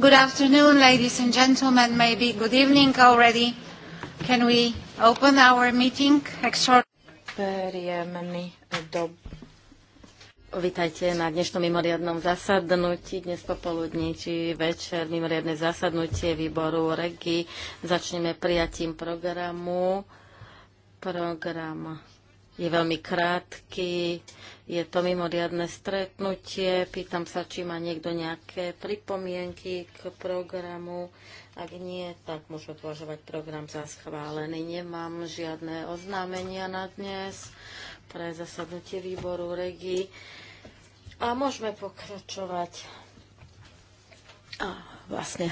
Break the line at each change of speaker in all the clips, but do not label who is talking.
Good afternoon, ladies and gentlemen, maybe good evening already. Can we open our meeting? Extra...
Príjemný dob.
Vítajte na dnešnom mimoriadnom zasadnutí, dnes popoludní či večer, mimoriadne zasadnutie výboru REGI. Začneme prijatím programu. Program je veľmi krátky, je to mimoriadne stretnutie. Pýtam sa, či má niekto nejaké pripomienky k programu. Ak nie, tak môžeme považovať program za schválený. Nemám žiadne oznámenia na dnes pre zasadnutie výboru REGI. A môžeme pokračovať. A vlastne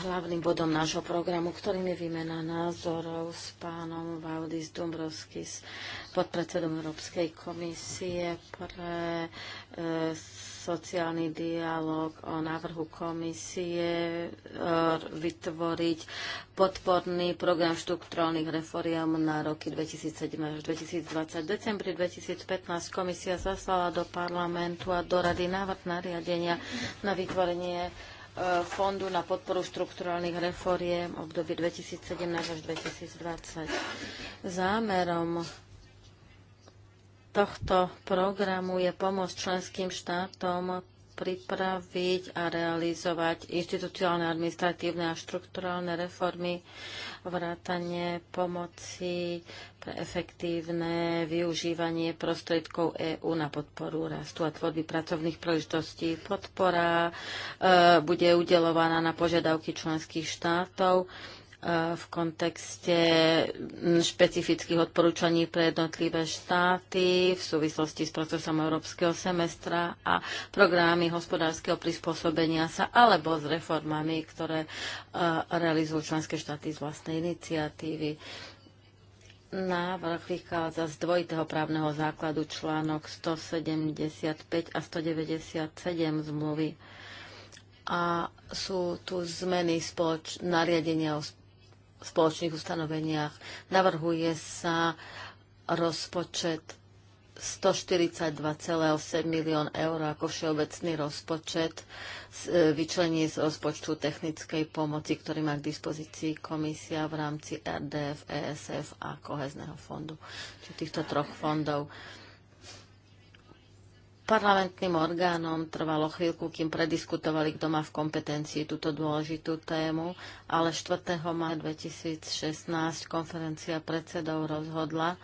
hlavným bodom nášho programu, ktorým je výmena názorov s pánom Vaudis Dombrovskis, podpredsedom Európskej komisie pre e, sociálny dialog o návrhu komisie e, vytvoriť podporný program štrukturálnych reforiem na roky 2007 až 2020. V decembri 2015 komisia zaslala do parlamentu a do rady návrh nariadenia na vytvorenie Eh, fondu na podporu štrukturálnych v období 2017 až 2020. Zámerom tohto programu je pomôcť členským štátom pripraviť a realizovať institucionálne, administratívne a štrukturálne reformy, vrátanie pomoci pre efektívne využívanie prostriedkov EÚ na podporu rastu a tvorby pracovných príležitostí. Podpora e, bude udelovaná na požiadavky členských štátov E, v kontexte špecifických odporúčaní pre jednotlivé štáty v súvislosti s procesom európskeho semestra a programy hospodárskeho prispôsobenia sa alebo s reformami, ktoré e, realizujú členské štáty z vlastnej iniciatívy. Návrh vychádza z dvojitého právneho základu článok 175 a 197 zmluvy a sú tu zmeny spoloč- nariadenia o spoločných ustanoveniach. Navrhuje sa rozpočet 142,8 milión eur ako všeobecný rozpočet e, vyčlenie z rozpočtu technickej pomoci, ktorý má k dispozícii komisia v rámci RDF, ESF a kohezného fondu, či týchto troch fondov parlamentným orgánom trvalo chvíľku, kým prediskutovali, kto má v kompetencii túto dôležitú tému, ale 4. maja 2016 konferencia predsedov rozhodla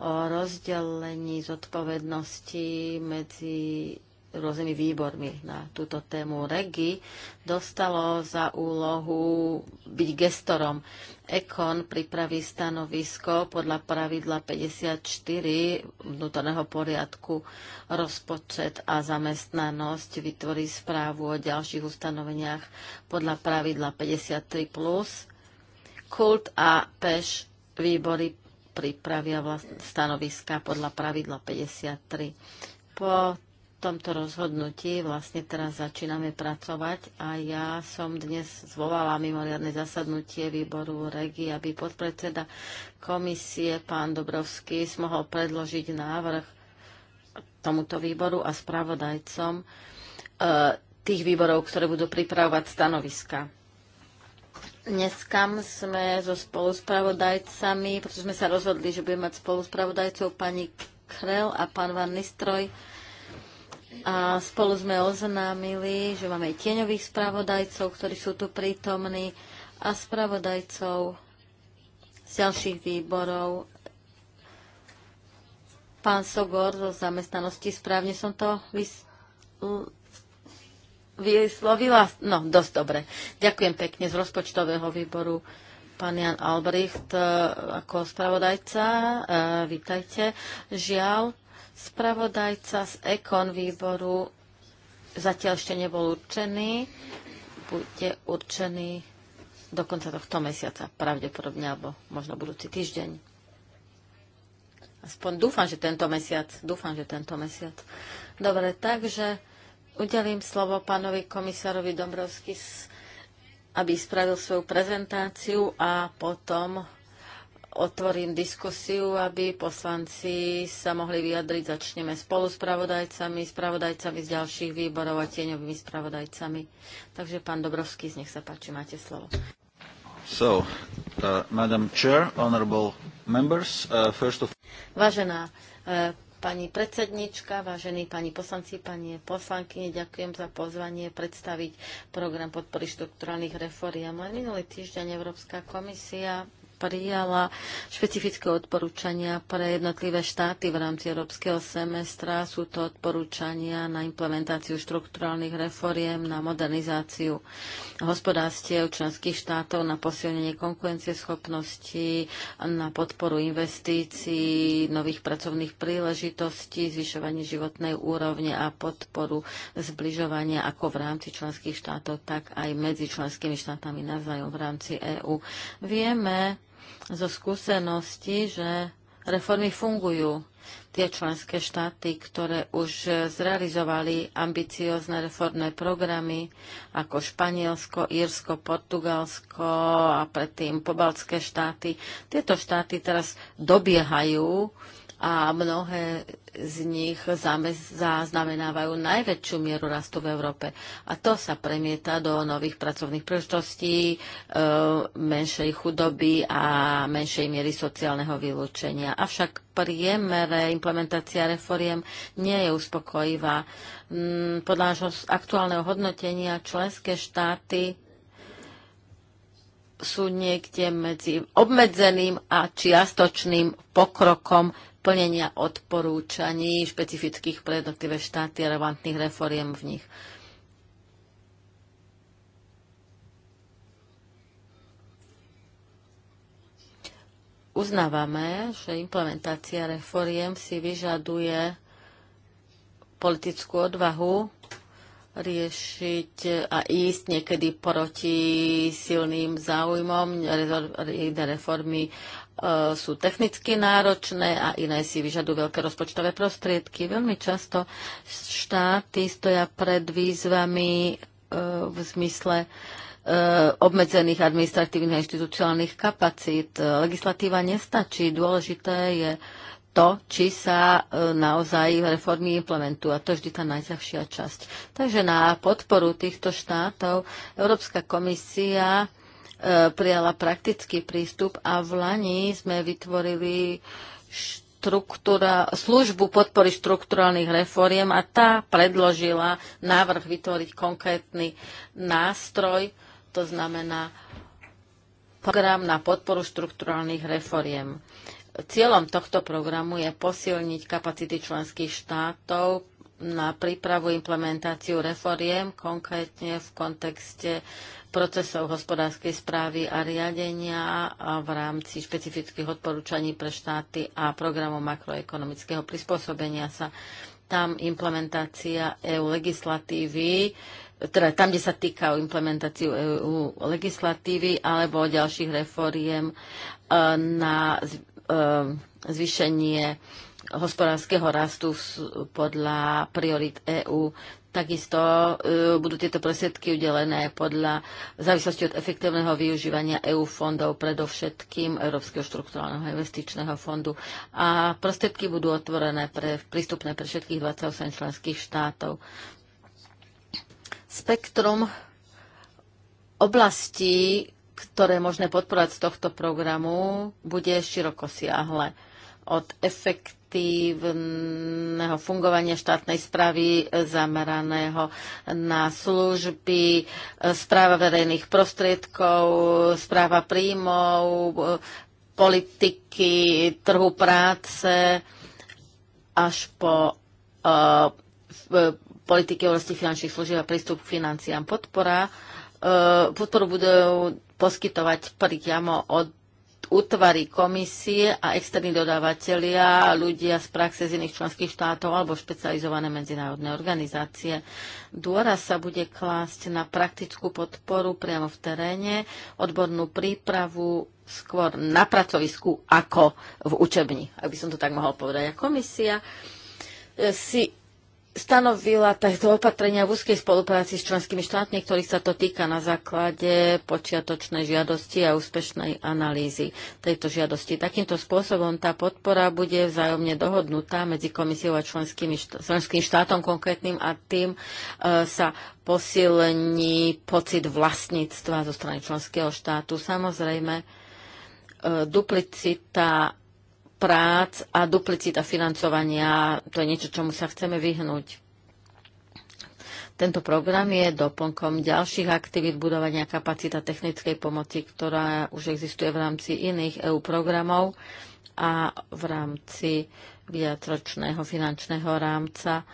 o rozdelení zodpovednosti medzi rôznymi výbormi na túto tému. Regi dostalo za úlohu byť gestorom. Ekon pripraví stanovisko podľa pravidla 54 vnútorného poriadku rozpočet a zamestnanosť, vytvorí správu o ďalších ustanoveniach podľa pravidla 53+. Kult a Peš výbory pripravia vlast- stanoviska podľa pravidla 53. Po tomto rozhodnutí vlastne teraz začíname pracovať a ja som dnes zvolala mimoriadne zasadnutie výboru REGI, aby podpredseda komisie pán Dobrovský mohol predložiť návrh tomuto výboru a spravodajcom e, tých výborov, ktoré budú pripravovať stanoviska. Dneska sme so spoluspravodajcami, pretože sme sa rozhodli, že budeme mať spoluspravodajcov pani Krel a pán Van Nistroj, a spolu sme oznámili, že máme aj tieňových spravodajcov, ktorí sú tu prítomní a spravodajcov z ďalších výborov. Pán Sogor zo zamestnanosti, správne som to vyslovila? No, dosť dobre. Ďakujem pekne z rozpočtového výboru pán Jan Albrecht e, ako spravodajca. E, vítajte. Žiaľ, Spravodajca z Ekon výboru zatiaľ ešte nebol určený. Bude určený do konca tohto mesiaca, pravdepodobne, alebo možno budúci týždeň. Aspoň dúfam, že tento mesiac. Dúfam, že tento mesiac. Dobre, takže udelím slovo pánovi komisárovi Dombrovskis, aby spravil svoju prezentáciu a potom otvorím diskusiu, aby poslanci sa mohli vyjadriť. Začneme spolu s pravodajcami, s pravodajcami z ďalších výborov a tieňovými spravodajcami. Takže pán Dobrovský, nech sa páči, máte slovo.
So, uh, Madam Chair, honorable
members, uh, first of...
Vážená uh, pani predsednička, vážení pani poslanci, pani poslanky, ďakujem za pozvanie predstaviť program podpory štrukturálnych reforiem. Len minulý týždeň Európska komisia prijala špecifické odporúčania pre jednotlivé štáty v rámci európskeho semestra. Sú to odporúčania na implementáciu štrukturálnych reforiem, na modernizáciu hospodárstiev členských štátov, na posilnenie konkurencieschopnosti, na podporu investícií, nových pracovných príležitostí, zvyšovanie životnej úrovne a podporu zbližovania ako v rámci členských štátov, tak aj medzi členskými štátami navzájom v rámci EÚ. Vieme, zo skúsenosti, že reformy fungujú. Tie členské štáty, ktoré už zrealizovali ambiciozne reformné programy ako Španielsko, Írsko, Portugalsko a predtým pobaltské štáty, tieto štáty teraz dobiehajú a mnohé z nich zaznamenávajú najväčšiu mieru rastu v Európe. A to sa premieta do nových pracovných príležitostí, e, menšej chudoby a menšej miery sociálneho vylúčenia. Avšak priemere implementácia reforiem nie je uspokojivá. Mm, podľa nášho aktuálneho hodnotenia členské štáty sú niekde medzi obmedzeným a čiastočným pokrokom plnenia odporúčaní špecifických pre jednotlivé štáty a relevantných reforiem v nich. Uznávame, že implementácia reforiem si vyžaduje politickú odvahu riešiť a ísť niekedy proti silným záujmom. Reformy E, sú technicky náročné a iné si vyžadujú veľké rozpočtové prostriedky. Veľmi často štáty stoja pred výzvami e, v zmysle e, obmedzených administratívnych a inštitucionálnych kapacít. Legislatíva nestačí. Dôležité je to, či sa naozaj reformy implementujú. A to je vždy tá najťažšia časť. Takže na podporu týchto štátov Európska komisia E, prijala praktický prístup a v Lani sme vytvorili službu podpory štrukturálnych reforiem a tá predložila návrh vytvoriť konkrétny nástroj, to znamená program na podporu štrukturálnych reforiem. Cieľom tohto programu je posilniť kapacity členských štátov na prípravu implementáciu reforiem, konkrétne v kontexte procesov hospodárskej správy a riadenia a v rámci špecifických odporúčaní pre štáty a programov makroekonomického prispôsobenia sa. Tam implementácia EU legislatívy teda tam, kde sa týka o implementáciu EU legislatívy alebo o ďalších reforiem e, na e, zvýšenie hospodárskeho rastu podľa priorit EÚ. Takisto e, budú tieto prostriedky udelené podľa závislosti od efektívneho využívania EÚ fondov, predovšetkým Európskeho štruktúrálneho investičného fondu. A prostriedky budú otvorené pre, prístupné pre všetkých 28 členských štátov. Spektrum oblastí, ktoré možné podporovať z tohto programu, bude široko siahle od efektívneho fungovania štátnej správy zameraného na služby, správa verejných prostriedkov, správa príjmov, politiky, trhu práce až po uh, politiky oblasti finančných služieb a prístup k financiám. Podpora, uh, podporu budú poskytovať priamo od útvary komisie a externí dodávateľia, ľudia z praxe z iných členských štátov alebo špecializované medzinárodné organizácie. Dôraz sa bude klásť na praktickú podporu priamo v teréne, odbornú prípravu skôr na pracovisku ako v učebni, ak by som to tak mohol povedať. A komisia eh, si stanovila takto opatrenia v úzkej spolupráci s členskými štátmi, ktorých sa to týka na základe počiatočnej žiadosti a úspešnej analýzy tejto žiadosti. Takýmto spôsobom tá podpora bude vzájomne dohodnutá medzi komisiou a členskými členským štátom konkrétnym a tým e, sa posilní pocit vlastníctva zo strany členského štátu. Samozrejme, e, duplicita prác a duplicita financovania, to je niečo, čomu sa chceme vyhnúť. Tento program je doplnkom ďalších aktivít budovania kapacita technickej pomoci, ktorá už existuje v rámci iných EU programov a v rámci viacročného finančného rámca,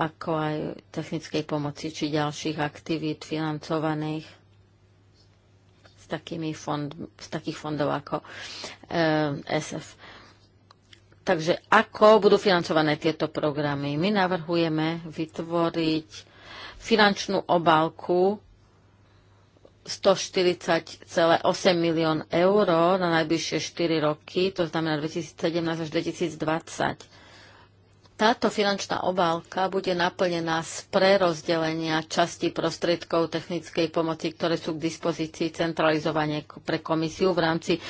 ako aj technickej pomoci či ďalších aktivít financovaných z, takými fond, z takých fondov ako e, SF. Takže ako budú financované tieto programy? My navrhujeme vytvoriť finančnú obálku 140,8 milión eur na najbližšie 4 roky, to znamená 2017 až 2020. Táto finančná obálka bude naplnená z prerozdelenia časti prostriedkov technickej pomoci, ktoré sú k dispozícii centralizovanie pre komisiu v rámci e,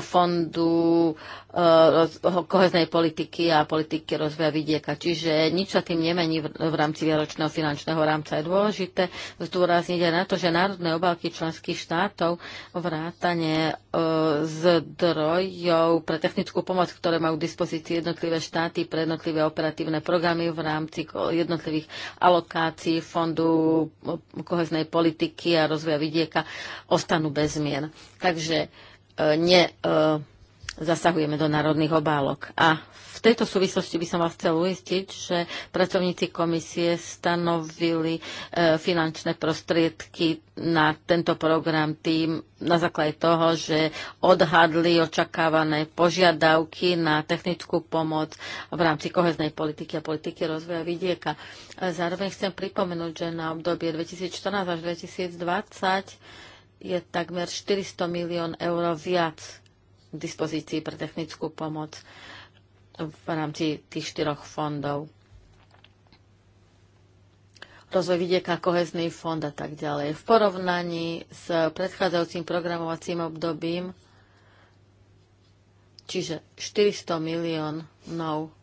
fondu e, Eh, koheznej politiky a politiky rozvoja vidieka. Čiže nič sa tým nemení v rámci vieročného finančného rámca. Je dôležité zdôrazniť aj na to, že národné obálky členských štátov vrátane eh, zdrojov pre technickú pomoc, ktoré majú k dispozícii jednotlivé štáty pre jednotlivé operatívne programy v rámci jednotlivých alokácií fondu koheznej politiky a rozvoja vidieka, ostanú bez zmien. Takže eh, ne zasahujeme do národných obálok. A v tejto súvislosti by som vás chcel uistiť, že pracovníci komisie stanovili e, finančné prostriedky na tento program tým na základe toho, že odhadli očakávané požiadavky na technickú pomoc v rámci koheznej politiky a politiky rozvoja vidieka. Zároveň chcem pripomenúť, že na obdobie 2014 až 2020 je takmer 400 milión eur viac k dispozícii pre technickú pomoc v rámci tých štyroch fondov. Rozvoj vidieka, kohezný fond a tak ďalej. V porovnaní s predchádzajúcim programovacím obdobím, čiže 400 miliónov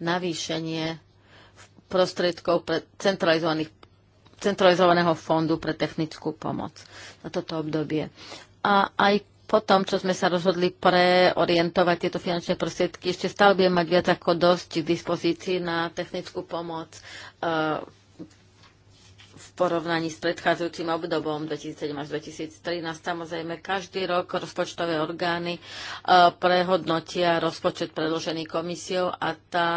navýšenie prostriedkov pre centralizovaných centralizovaného fondu pre technickú pomoc na toto obdobie. A aj po tom, čo sme sa rozhodli preorientovať tieto finančné prostriedky, ešte stále budeme mať viac ako dosť k dispozícii na technickú pomoc eh, porovnaní s predchádzajúcim obdobom 2007 až 2013. Samozrejme, každý rok rozpočtové orgány e, prehodnotia rozpočet predložený komisiou a tá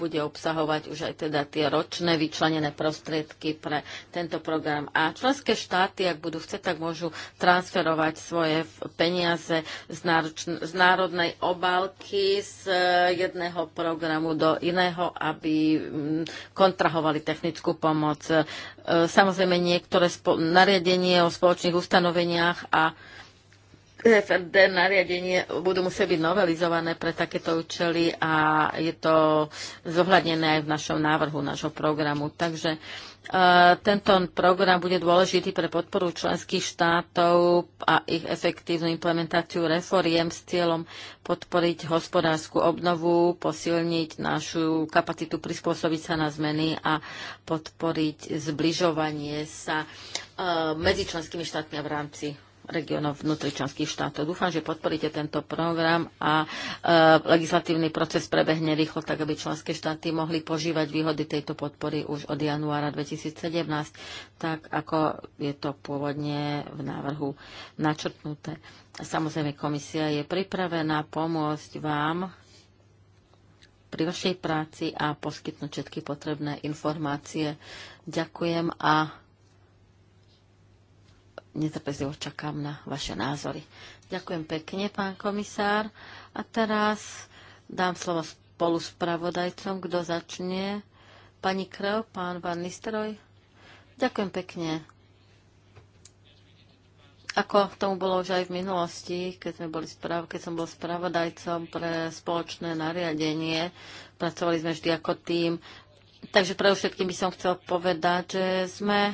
bude obsahovať už aj teda tie ročné vyčlenené prostriedky pre tento program. A členské štáty, ak budú chcieť, tak môžu transferovať svoje peniaze z, náročn- z národnej obálky z e, jedného programu do iného, aby mm, kontrahovali technickú pomoc Samozrejme niektoré nariadenie o spoločných ustanoveniach a TFD nariadenie budú musieť byť novelizované pre takéto účely a je to zohľadnené aj v našom návrhu, nášho programu. Takže e, tento program bude dôležitý pre podporu členských štátov a ich efektívnu implementáciu reforiem s cieľom podporiť hospodárskú obnovu, posilniť našu kapacitu prispôsobiť sa na zmeny a podporiť zbližovanie sa e, medzi členskými štátmi a v rámci regionov vnútri členských štátov. Dúfam, že podporíte tento program a e, legislatívny proces prebehne rýchlo, tak aby členské štáty mohli požívať výhody tejto podpory už od januára 2017, tak ako je to pôvodne v návrhu načrtnuté. Samozrejme, komisia je pripravená pomôcť vám pri vašej práci a poskytnúť všetky potrebné informácie. Ďakujem a netrpezlivo čakám na vaše názory. Ďakujem pekne, pán komisár. A teraz dám slovo spolu s pravodajcom, kto začne. Pani Krel, pán Van Nistroj. Ďakujem pekne. Ako tomu bolo už aj v minulosti, keď, sme boli sprav- keď som bol spravodajcom pre spoločné nariadenie, pracovali sme vždy ako tým. Takže pre všetkým by som chcel povedať, že sme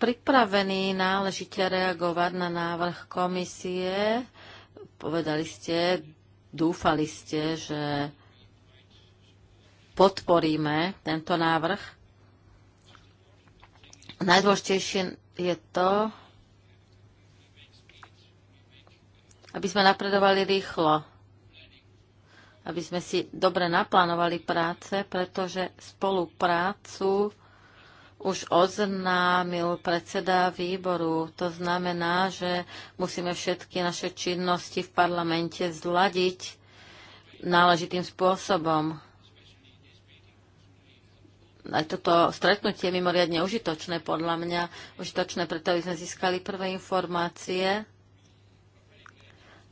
pripravení náležite reagovať na návrh komisie. Povedali ste, dúfali ste, že podporíme tento návrh. Najdôležitejšie je to, aby sme napredovali rýchlo, aby sme si dobre naplánovali práce, pretože spoluprácu už oznámil predseda výboru. To znamená, že musíme všetky naše činnosti v parlamente zladiť náležitým spôsobom. Aj toto stretnutie je mimoriadne užitočné, podľa mňa. Užitočné, preto aby sme získali prvé informácie.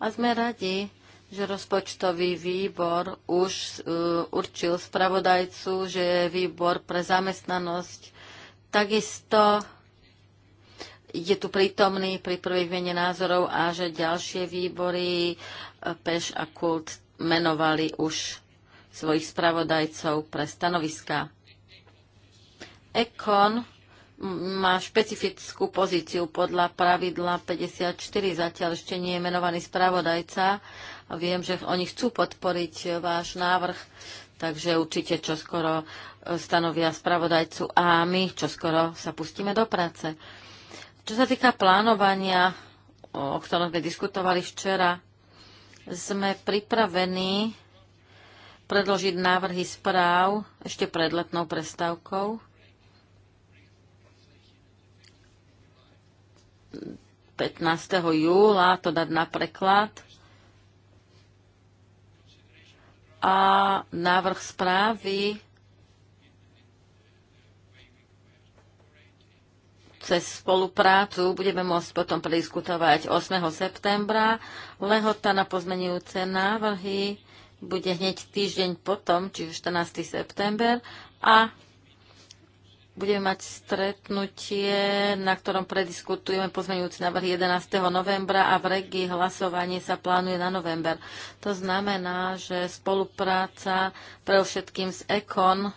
A sme radi, že rozpočtový výbor už uh, určil spravodajcu, že je výbor pre zamestnanosť Takisto je tu prítomný pri prvej vene názorov a že ďalšie výbory eh, Peš a Kult menovali už svojich spravodajcov pre stanoviska. Ekon má špecifickú pozíciu podľa pravidla 54. Zatiaľ ešte nie je menovaný spravodajca. Viem, že oni chcú podporiť váš návrh takže určite čo skoro e, stanovia spravodajcu a my čo skoro sa pustíme do práce. Čo sa týka plánovania, o ktorom sme diskutovali včera, sme pripravení predložiť návrhy správ ešte pred letnou prestávkou. ...15. júla to dať na preklad a návrh správy cez spoluprácu budeme môcť potom prediskutovať 8. septembra. Lehota na pozmenujúce návrhy bude hneď týždeň potom, čiže 14. september. A Budeme mať stretnutie, na ktorom prediskutujeme pozmeňujúci návrh 11. novembra a v regii hlasovanie sa plánuje na november. To znamená, že spolupráca pre všetkým s EKON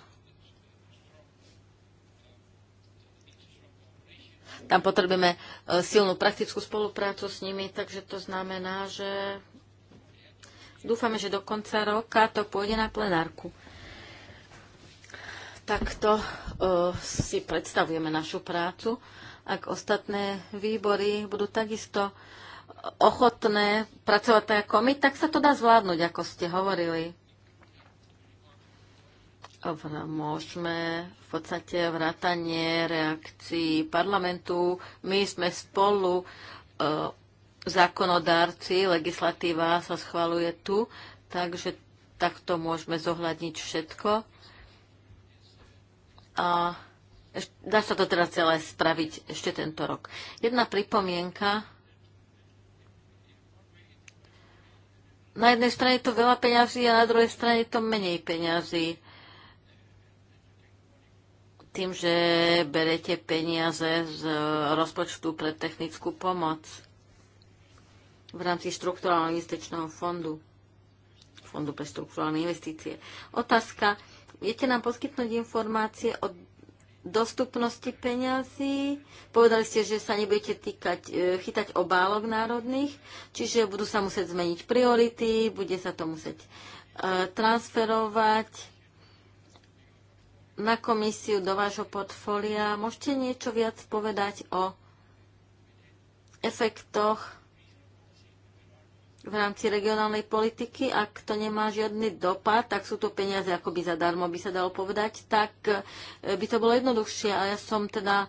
tam potrebujeme e, silnú praktickú spoluprácu s nimi, takže to znamená, že dúfame, že do konca roka to pôjde na plenárku takto e, si predstavujeme našu prácu. Ak ostatné výbory budú takisto ochotné pracovať tak ako my, tak sa to dá zvládnuť, ako ste hovorili. Dobre, môžeme v podstate vrátanie reakcií parlamentu. My sme spolu e, zákonodárci, legislatíva sa schvaluje tu, takže takto môžeme zohľadniť všetko. A dá sa to teda celé spraviť ešte tento rok. Jedna pripomienka. Na jednej strane je to veľa peňazí a na druhej strane je to menej peňazí. Tým, že berete peniaze z e, rozpočtu pre technickú pomoc v rámci štruktúrálneho investičného fondu, fondu pre štruktúrálne investície. Otázka viete nám poskytnúť informácie o dostupnosti peňazí. Povedali ste, že sa nebudete týkať, e, chytať obálok národných, čiže budú sa musieť zmeniť priority, bude sa to musieť e, transferovať na komisiu do vášho portfólia. Môžete niečo viac povedať o efektoch v rámci regionálnej politiky, ak to nemá žiadny dopad, tak sú to peniaze akoby zadarmo, by sa dalo povedať, tak e, by to bolo jednoduchšie. A ja som teda e,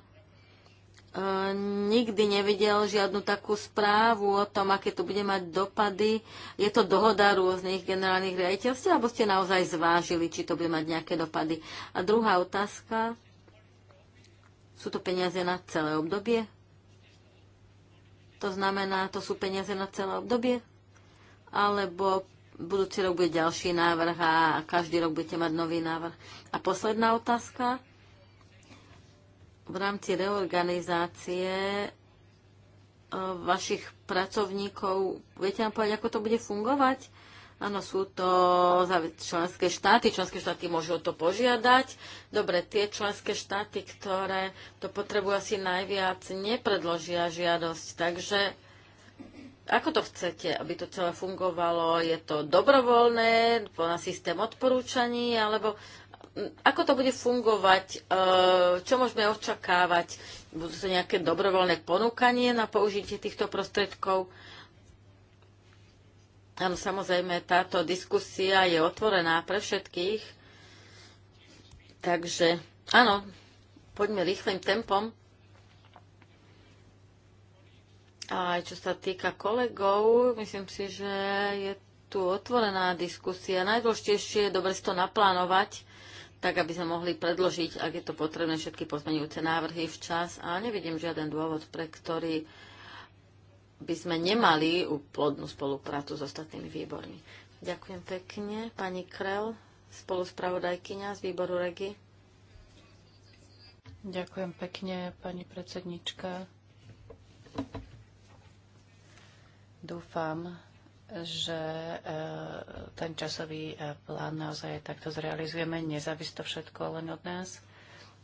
nikdy nevidel žiadnu takú správu o tom, aké to bude mať dopady. Je to dohoda rôznych generálnych riaditeľstiev, alebo ste naozaj zvážili, či to bude mať nejaké dopady. A druhá otázka, sú to peniaze na celé obdobie? To znamená, to sú peniaze na celé obdobie? alebo budúci rok bude ďalší návrh a každý rok budete mať nový návrh. A posledná otázka. V rámci reorganizácie eh, vašich pracovníkov, viete nám povedať, ako to bude fungovať? Áno, sú to členské štáty. Členské štáty môžu o to požiadať. Dobre, tie členské štáty, ktoré to potrebujú asi najviac, nepredložia žiadosť. Takže ako to chcete, aby to celé fungovalo? Je to dobrovoľné, na systém odporúčaní, alebo ako to bude fungovať? E, čo môžeme očakávať? Budú to nejaké dobrovoľné ponúkanie na použitie týchto prostriedkov? Áno, samozrejme, táto diskusia je otvorená pre všetkých. Takže áno, poďme rýchlým tempom. A aj čo sa týka kolegov, myslím si, že je tu otvorená diskusia. Najdôležitejšie je dobre si to naplánovať, tak aby sme mohli predložiť, ak je to potrebné, všetky pozmenujúce návrhy včas. A nevidím žiaden dôvod, pre ktorý by sme nemali plodnú spoluprácu
s ostatnými výbormi.
Ďakujem pekne. Pani Krel, spoluspravodajkyňa z výboru REGI.
Ďakujem pekne, pani predsednička. Dúfam, že e, ten časový e, plán naozaj takto zrealizujeme. Nezávisí to všetko len od nás.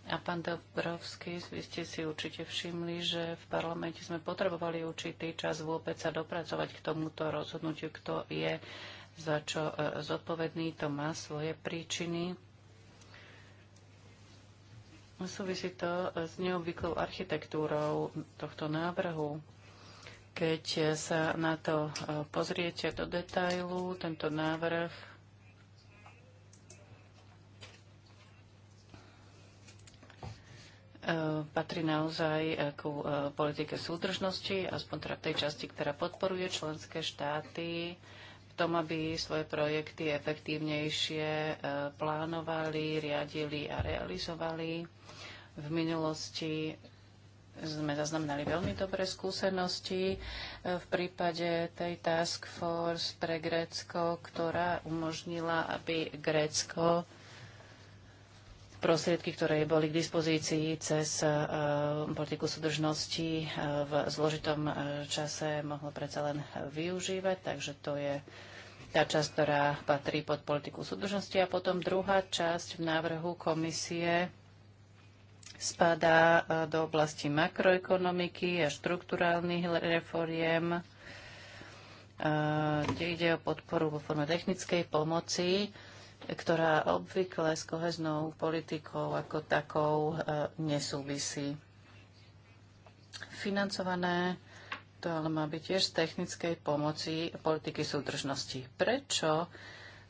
A pán Dobrovský, vy ste si určite všimli, že v parlamente sme potrebovali určitý čas vôbec sa dopracovať k tomuto rozhodnutiu, kto je za čo e, zodpovedný. To má svoje príčiny. Súvisí to s neobvyklou architektúrou tohto návrhu. Keď sa na to e, pozriete do detailu, tento návrh e, patrí naozaj e, ku politike súdržnosti, aspoň teda tej časti, ktorá podporuje členské štáty v tom, aby svoje projekty efektívnejšie plánovali, riadili a realizovali. V minulosti sme zaznamenali veľmi dobré skúsenosti e, v prípade tej task force pre Grécko, ktorá umožnila, aby Grécko prostriedky, ktoré boli k dispozícii cez e, politiku súdržnosti e, v zložitom čase mohlo predsa len využívať, takže to je tá časť, ktorá patrí pod politiku súdržnosti. A potom druhá časť v návrhu komisie spadá e, do oblasti makroekonomiky a štruktúrálnych reforiem, e, kde ide o podporu vo forme technickej pomoci, ktorá obvykle s koheznou politikou ako takou e, nesúvisí. Financované to ale má byť tiež z technickej pomoci politiky súdržnosti. Prečo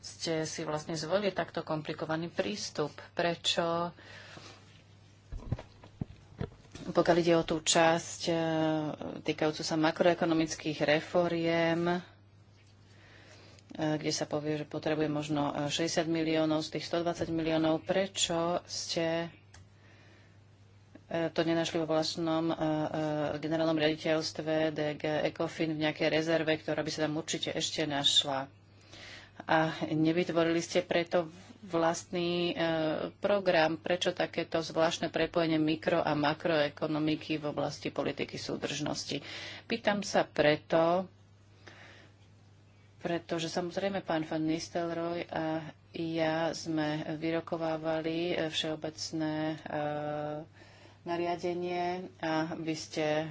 ste si vlastne zvolili takto komplikovaný prístup? Prečo uh, pokiaľ ide o tú časť e, týkajúcu sa makroekonomických reforiem, e, kde sa povie, že potrebuje možno 60 e, miliónov z tých 120 miliónov, prečo ste to nenašli vo vlastnom generálnom riaditeľstve DG ECOFIN v nejakej rezerve, ktorá by sa tam určite ešte našla. A nevytvorili ste preto vlastný e, program, prečo takéto zvláštne prepojenie mikro- a makroekonomiky v oblasti politiky súdržnosti. Pýtam sa preto, pretože samozrejme pán van Nistelrooy a ja sme vyrokovávali e, všeobecné e, nariadenie a vy ste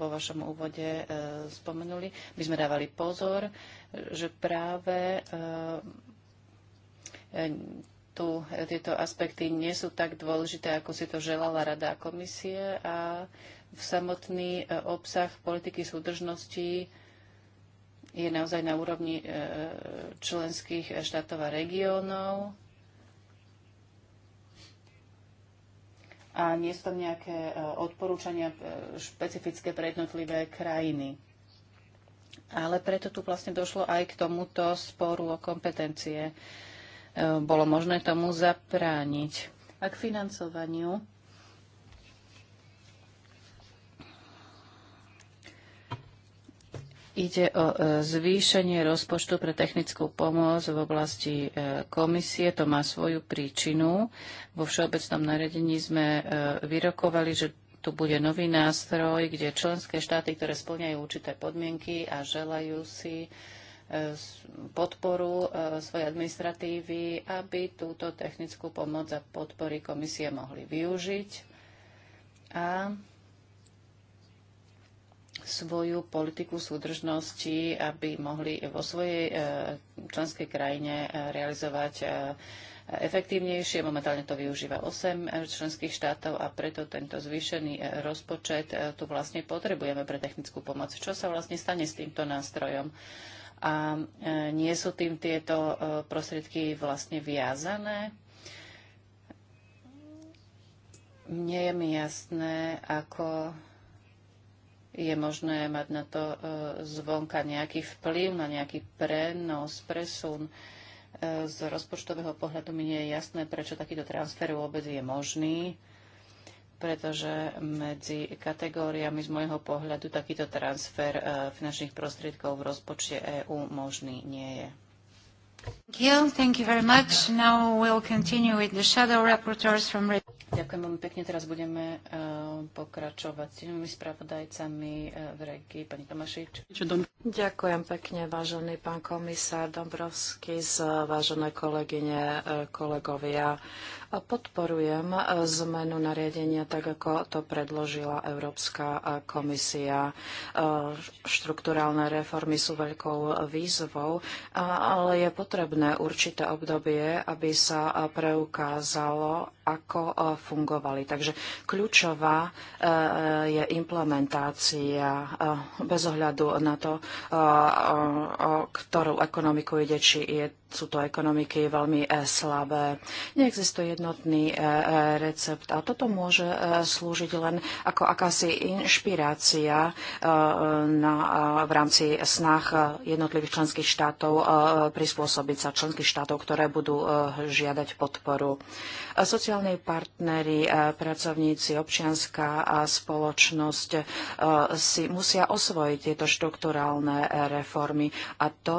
vo vašom úvode spomenuli. My sme dávali pozor, že práve tu e, tieto aspekty nie sú tak dôležité, ako si to želala Rada a komisie a v samotný e, obsah politiky súdržnosti je naozaj na úrovni e, členských štátov a regiónov. A nie sú tam nejaké odporúčania špecifické pre jednotlivé krajiny. Ale preto tu vlastne došlo aj k tomuto sporu o kompetencie. Uh, E, bolo možné tomu zaprániť. A k financovaniu. Ide o e, zvýšenie rozpočtu pre technickú pomoc v oblasti e, komisie. To má svoju príčinu. Vo všeobecnom nariadení sme vyrokovali, že tu bude nový nástroj, kde členské štáty, ktoré splňajú určité podmienky a želajú si E, podporu e, svojej administratívy, aby túto technickú pomoc a podpory komisie mohli využiť a svoju politiku súdržnosti, aby mohli vo svojej e, členskej krajine realizovať efektívnejšie. Momentálne to využíva 8 členských štátov a preto tento zvýšený rozpočet tu vlastne potrebujeme pre technickú pomoc. Čo sa vlastne stane s týmto nástrojom? a e, nie sú tým tieto e, prostriedky vlastne viazané. Nie je mi jasné, ako je možné mať na to e, zvonka nejaký vplyv, na nejaký prenos, presun z rozpočtového pohľadu mi nie je jasné, prečo takýto transfer vôbec je možný pretože medzi kategóriami z môjho pohľadu takýto transfer eh, finančných prostriedkov v rozpočte EÚ možný nie je. Ďakujem veľmi pekne. Teraz budeme eh, pokračovať s tými spravodajcami eh, v regii. Pani Tomašič. Ďakujem
pekne, vážený pán komisár Dombrovský, vážené kolegyne, eh, kolegovia. Podporujem zmenu nariadenia tak, ako to predložila Európska komisia. Štruktúrálne reformy sú veľkou výzvou, ale je potrebné potrebné určité obdobie, aby sa preukázalo, ako fungovali. Takže kľúčová e, e, je implementácia bez ohľadu na to, o ktorú ekonomiku ide, či je sú to ekonomiky veľmi e, slabé. Neexistuje jednotný e, e, recept a toto môže slúžiť len ako akási inšpirácia na, v rámci snah jednotlivých členských štátov prispôsobiť sa členských štátov, ktoré budú žiadať podporu. Sociálni partnery, pracovníci, občianská spoločnosť si musia osvojiť tieto štrukturálne reformy a to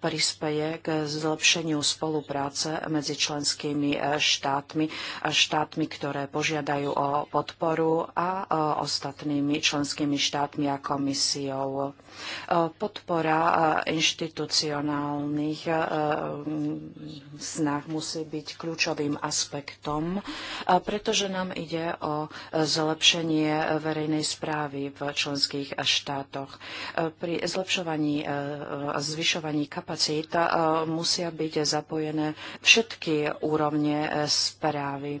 prispeje k zl zlepšeniu spolupráce medzi členskými e, štátmi, štátmi, ktoré požiadajú o podporu a e, ostatnými členskými štátmi a komisiou. E, podpora inštitucionálnych mm, snah musí byť kľúčovým aspektom, pretože nám ide o zlepšenie verejnej správy v členských štátoch. Pri zlepšovaní a zvyšovaní kapacít musia musia byť zapojené všetky úrovne e, správy e,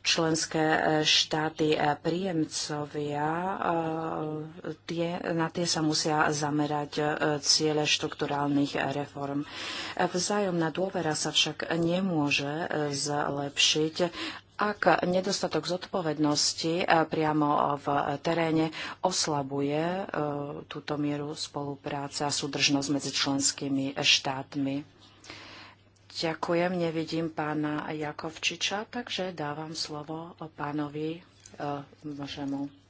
členské e, štáty príjemcovia, tie, na tie sa musia zamerať ciele štrukturálnych reform. Vzájomná dôvera sa však nemôže zlepšiť, ak nedostatok zodpovednosti eh, priamo v teréne oslabuje eh, túto mieru spolupráce a súdržnosť medzi členskými štátmi. Ďakujem, nevidím pána Jakovčiča, takže dávam slovo pánovi Božemu. Eh,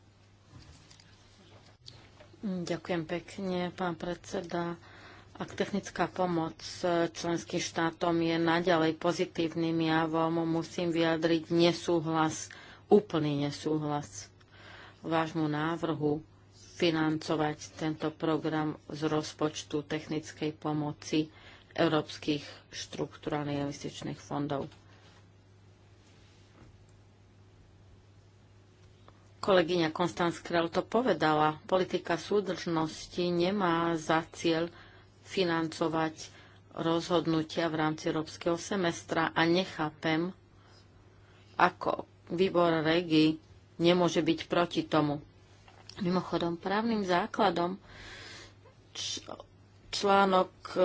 Ďakujem pekne, pán
predseda. Ak technická pomoc e, členským štátom je naďalej pozitívnym javom, musím vyjadriť nesúhlas, úplný nesúhlas vášmu návrhu financovať tento program z rozpočtu technickej pomoci európskych štruktúrálnych investičných fondov. Kolegyňa Konstanz Krel to povedala. Politika súdržnosti nemá za cieľ financovať rozhodnutia v rámci európskeho semestra a nechápem, ako výbor REGI nemôže byť proti tomu. Mimochodom, právnym základom článok, e, e,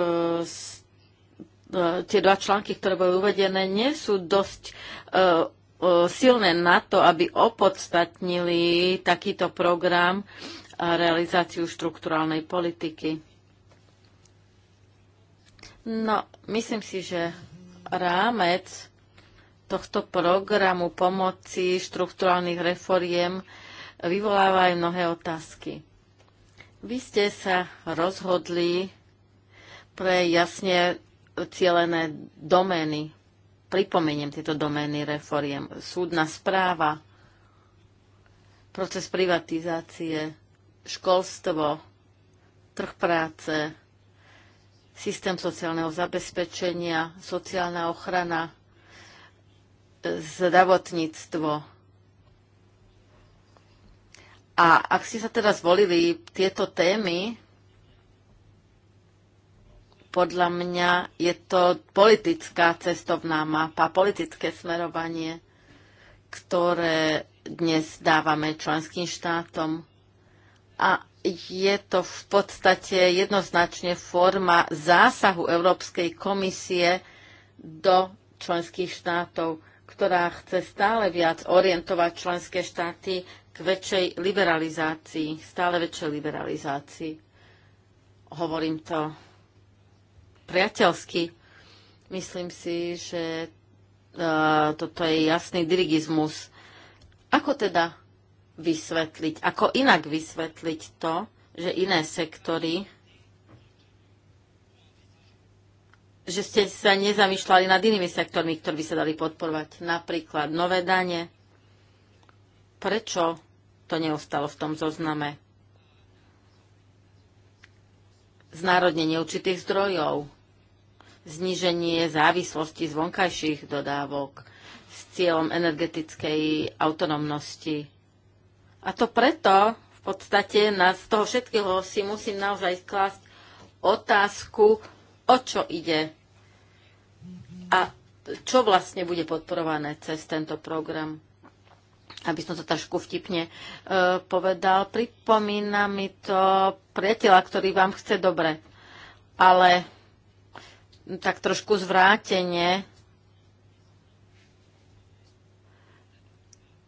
tie dva články, ktoré boli uvedené, nie sú dosť e, silné na to, aby opodstatnili takýto program a realizáciu štruktúrálnej politiky. No, myslím si, že rámec tohto programu pomoci štruktúrálnych reforiem vyvoláva aj mnohé otázky. Vy ste sa rozhodli pre jasne cielené domény. Pripomeniem tieto domény reforiem. Súdna správa, proces privatizácie, školstvo, trh práce, systém sociálneho zabezpečenia, sociálna ochrana, zdravotníctvo. A ak ste sa teda zvolili tieto témy, podľa mňa je to politická cestovná mapa, politické smerovanie, ktoré dnes dávame členským štátom. A je to v podstate jednoznačne forma zásahu Európskej komisie do členských štátov, ktorá chce stále viac orientovať členské štáty k väčšej liberalizácii, stále väčšej liberalizácii. Hovorím to priateľsky. Myslím si, že uh, toto je jasný dirigizmus. Ako teda vysvetliť, ako inak vysvetliť to, že iné sektory že ste sa nezamýšľali nad inými sektormi, ktoré by sa dali podporovať. Napríklad nové dane. Prečo to neostalo v tom zozname? Znárodnenie určitých zdrojov, zníženie závislosti z vonkajších dodávok s cieľom energetickej autonómnosti, a to preto v podstate na z toho všetkého si musím naozaj klásť otázku, o čo ide a čo vlastne bude podporované cez tento program aby som to trošku vtipne e, povedal. Pripomína mi to priateľa, ktorý vám chce dobre, ale tak trošku zvrátenie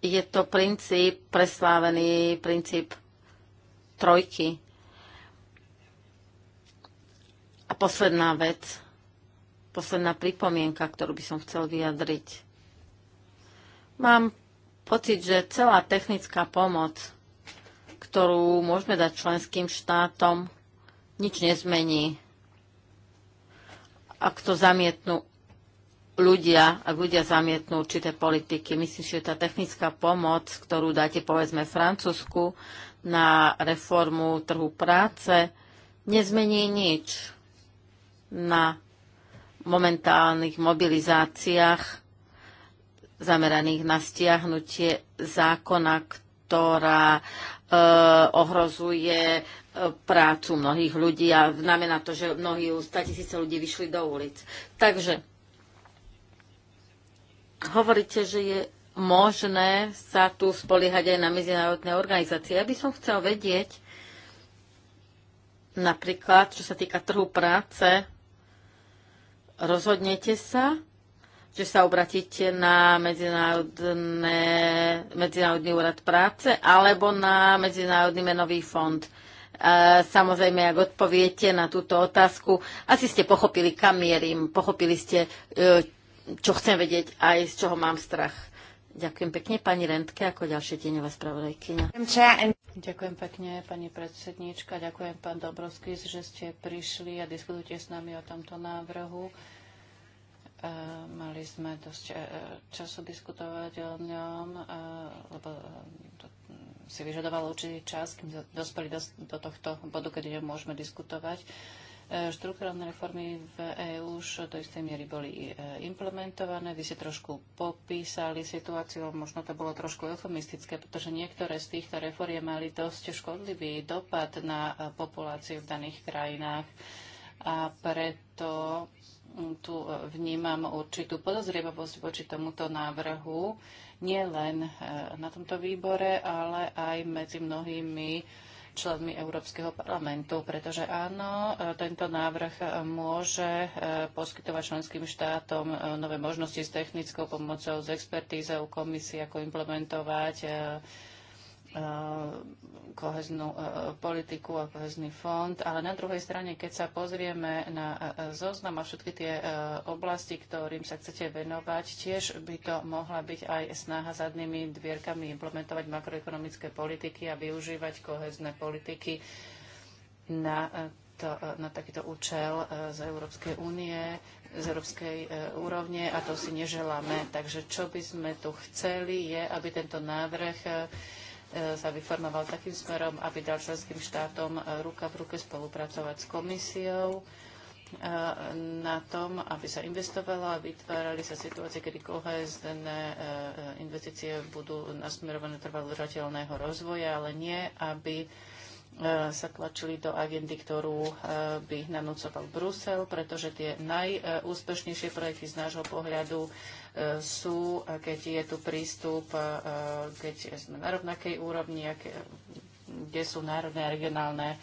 je to princíp, preslávený princíp trojky. A posledná vec, posledná pripomienka, ktorú by som chcel vyjadriť. Mám pocit, že celá technická pomoc, ktorú môžeme dať členským štátom, nič nezmení, ak to zamietnú ľudia, ak ľudia zamietnú určité politiky. Myslím, že tá technická pomoc, ktorú dáte povedzme Francúzsku na reformu trhu práce, nezmení nič na momentálnych mobilizáciách zameraných na stiahnutie zákona, ktorá e, ohrozuje e, prácu mnohých ľudí a znamená to, že mnohí, statisíce ľudí vyšli do ulic. Takže Hovoríte, že je možné sa tu spoliehať aj na medzinárodné organizácie. Ja by som chcel vedieť, napríklad, čo sa týka trhu práce, rozhodnete sa, že sa obratíte na Medzinárodný úrad práce alebo na Medzinárodný menový fond. E, samozrejme, ak odpoviete na túto otázku, asi ste pochopili, kam mierim, pochopili ste, e, čo chcem vedieť aj z čoho mám strach. Ďakujem pekne pani Rentke ako ďalšie tieňová
spravodajkyňa. Ďakujem pekne pani predsedníčka, ďakujem pán Dobrovský, že ste prišli a diskutujte s nami o tomto návrhu. E, mali sme dosť e, času diskutovať o ňom, e, lebo e, to si vyžadovalo určitý čas, kým dospeli do, do tohto bodu, kedy môžeme diskutovať. E, E, štruktúralne reformy v EÚ už do istej miery boli e, implementované. Vy ste trošku popísali situáciu, možno to bolo trošku eufemistické, pretože niektoré z týchto reforiem mali dosť škodlivý dopad na e, populáciu v daných krajinách a preto tu vnímam určitú podozrievavosť voči tomuto návrhu, nielen na tomto výbore, ale aj medzi mnohými členmi Európskeho parlamentu, pretože áno, e, tento návrh e, môže e, poskytovať členským štátom nové možnosti s technickou pomocou, s expertízou komisie, ako implementovať Eh, koheznú eh, politiku a kohezný fond, ale na druhej strane, keď sa pozrieme na eh, zoznam a všetky tie oblasti, ktorým sa chcete venovať, tiež by to mohla byť aj snaha zadnými dvierkami implementovať makroekonomické politiky a využívať kohezné politiky na, to, na takýto účel z Európskej únie, z európskej úrovne a to si neželáme. Takže čo by sme tu chceli je, aby tento návrh E, sa vyformoval takým smerom, aby dal členským štátom e, ruka v ruke spolupracovať s komisiou e, na tom, aby sa investovalo a vytvárali sa situácie, kedy kohezné investície budú nasmerované trvalo rozvoja, ale nie, aby E, sa tlačili do agendy, ktorú e, by nanúcoval Brusel, pretože tie najúspešnejšie projekty z nášho pohľadu e, sú, keď je tu prístup, keď sme na rovnakej úrovni, kde sú národné a regionálne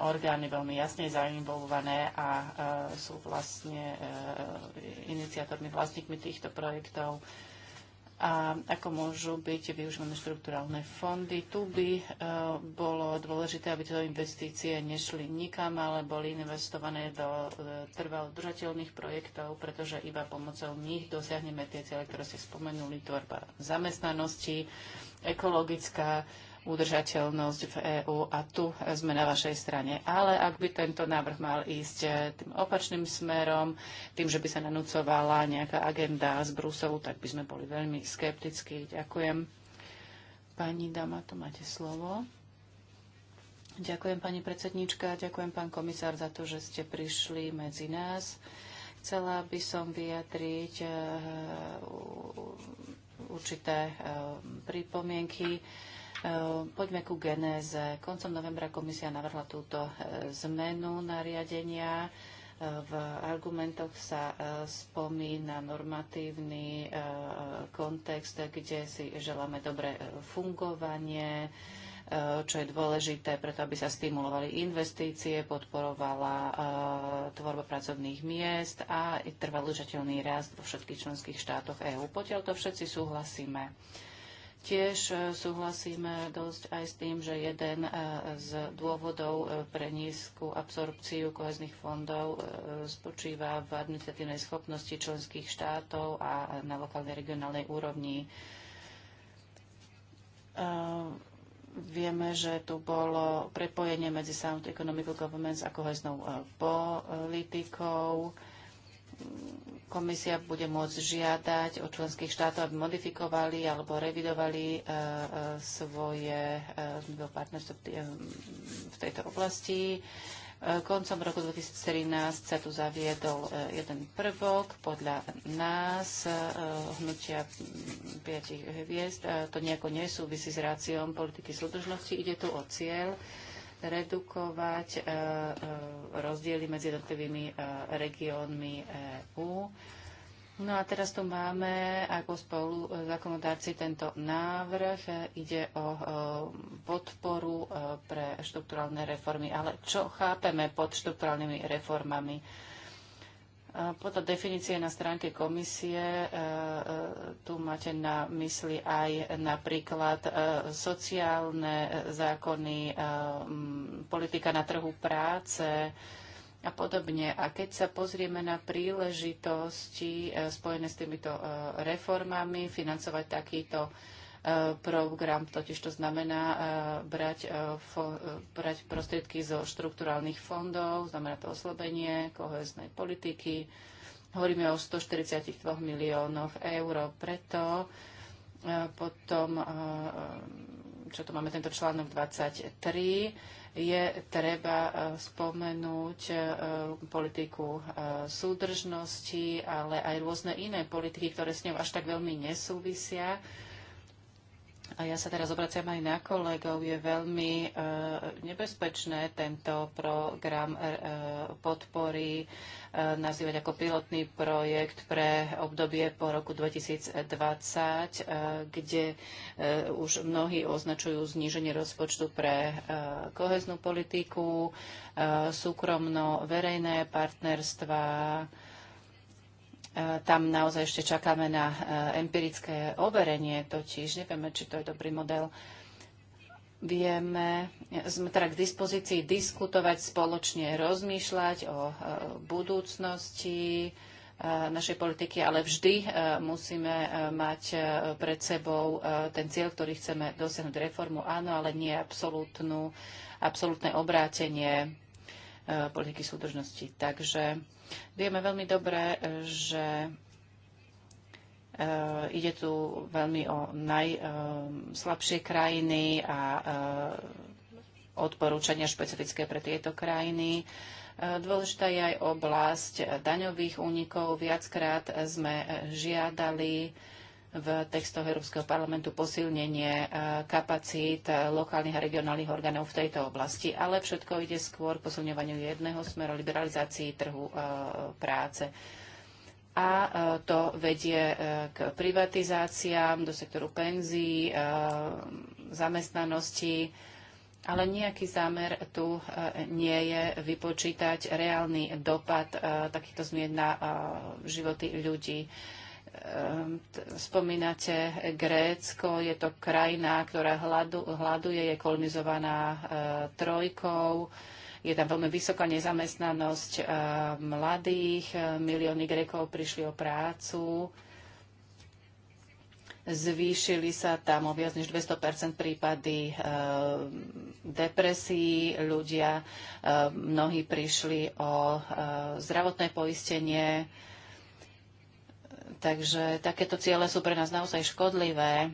orgány veľmi jasne zainvolované a sú vlastne iniciátormi, vlastníkmi týchto projektov a ako môžu byť využívané štruktúralne fondy. Tu by e, bolo dôležité, aby tieto investície nešli nikam, ale boli investované do e, držateľných projektov, pretože iba pomocou nich dosiahneme tie ciele, ktoré ste spomenuli, tvorba zamestnanosti, ekologická udržateľnosť v EÚ a tu sme na vašej strane. Ale ak by tento návrh mal ísť eh, tým opačným smerom, tým, že by sa nanúcovala nejaká agenda z Bruselu, tak by sme boli veľmi skeptickí. Ďakujem. Pani Dama, to máte slovo. Ďakujem pani predsednička, ďakujem pán komisár za to, že ste prišli medzi nás. Chcela by som vyjadriť eh, určité eh, pripomienky Eh, poďme ku genéze. Koncom novembra komisia navrhla túto eh, zmenu nariadenia. Eh, v argumentoch sa spomína normatívny kontext, kde si želáme dobré fungovanie, čo je dôležité, preto aby sa stimulovali investície, podporovala tvorba pracovných miest a trvalý rast vo všetkých členských štátoch EÚ. Potiaľ to všetci súhlasíme. Tiež e, súhlasíme dosť aj s tým, že jeden e, z dôvodov e, pre nízku absorpciu kohezných fondov spočíva v administratívnej schopnosti členských štátov a na lokálnej regionálnej úrovni. Vieme, že tu bolo prepojenie medzi Sound Economic Governments a koheznou politikou komisia bude môcť žiadať od členských štátov, aby modifikovali alebo revidovali e, e, svoje e, partnerstvo v tejto oblasti. Koncom roku 2013 sa tu zaviedol jeden prvok podľa nás, hnutia piatich hviezd. To nejako nesúvisí s ráciom politiky súdržnosti. Ide tu o cieľ redukovať e, e, rozdiely medzi jednotlivými e, regiónmi EÚ. No a teraz tu máme ako spolu zákonodárci tento návrh. Ide o podporu pre štrukturálne reformy. Ale čo chápeme pod štruktúralnými reformami? Podľa definície na stránke komisie e, e, tu máte na mysli aj napríklad e, sociálne zákony, politika na trhu práce a podobne. A keď sa pozrieme na príležitosti spojené s týmito reformami, financovať takýto program, totiž to znamená e, brať, e, e, brať prostriedky zo štrukturálnych fondov, znamená to oslobenie koheznej politiky. Hovoríme o 142 miliónoch eur, preto potom, čo tu máme tento článok 23, je treba spomenúť politiku súdržnosti, ale aj rôzne iné politiky, ktoré s ňou až tak veľmi nesúvisia a ja sa teraz obraciam aj na kolegov, je veľmi e, nebezpečné tento program e, e podpory e, nazývať ako pilotný projekt pre obdobie po roku 2020, e, kde e, už mnohí označujú zníženie rozpočtu pre koheznú politiku, súkromno-verejné partnerstva, E, tam naozaj ešte čakáme na e, empirické overenie, totiž nevieme, či to je dobrý model. Vieme, sme teda k dispozícii diskutovať spoločne, rozmýšľať o e, budúcnosti našej politiky, ale vždy musíme mať pred sebou ten cieľ, ktorý chceme dosiahnuť reformu, áno, ale nie absolútnu, absolútne obrátenie politiky súdržnosti. Takže Vieme veľmi dobre, že e, ide tu veľmi o najslabšie e, krajiny a e, odporúčania špecifické pre tieto krajiny. Dôležitá je aj oblasť daňových únikov. Viackrát sme žiadali v textoch Európskeho parlamentu posilnenie e, kapacít e, lokálnych a regionálnych orgánov v tejto oblasti, ale všetko ide skôr k posilňovaniu jedného smeru liberalizácii trhu e, práce. A to vedie k privatizáciám do sektoru penzí, zamestnanosti, ale nejaký zámer tu nie je vypočítať reálny dopad takýchto zmien na životy ľudí. Ehm, spomínate Grécko, je to krajina, ktorá hľaduje, je kolonizovaná e, trojkou, je tam veľmi vysoká nezamestnanosť e, mladých, e, milióny Grékov prišli o prácu, zvýšili sa tam o viac než 200 prípady depresí, ľudia, mnohí prišli o zdravotné poistenie, Takže takéto ciele sú pre nás naozaj škodlivé.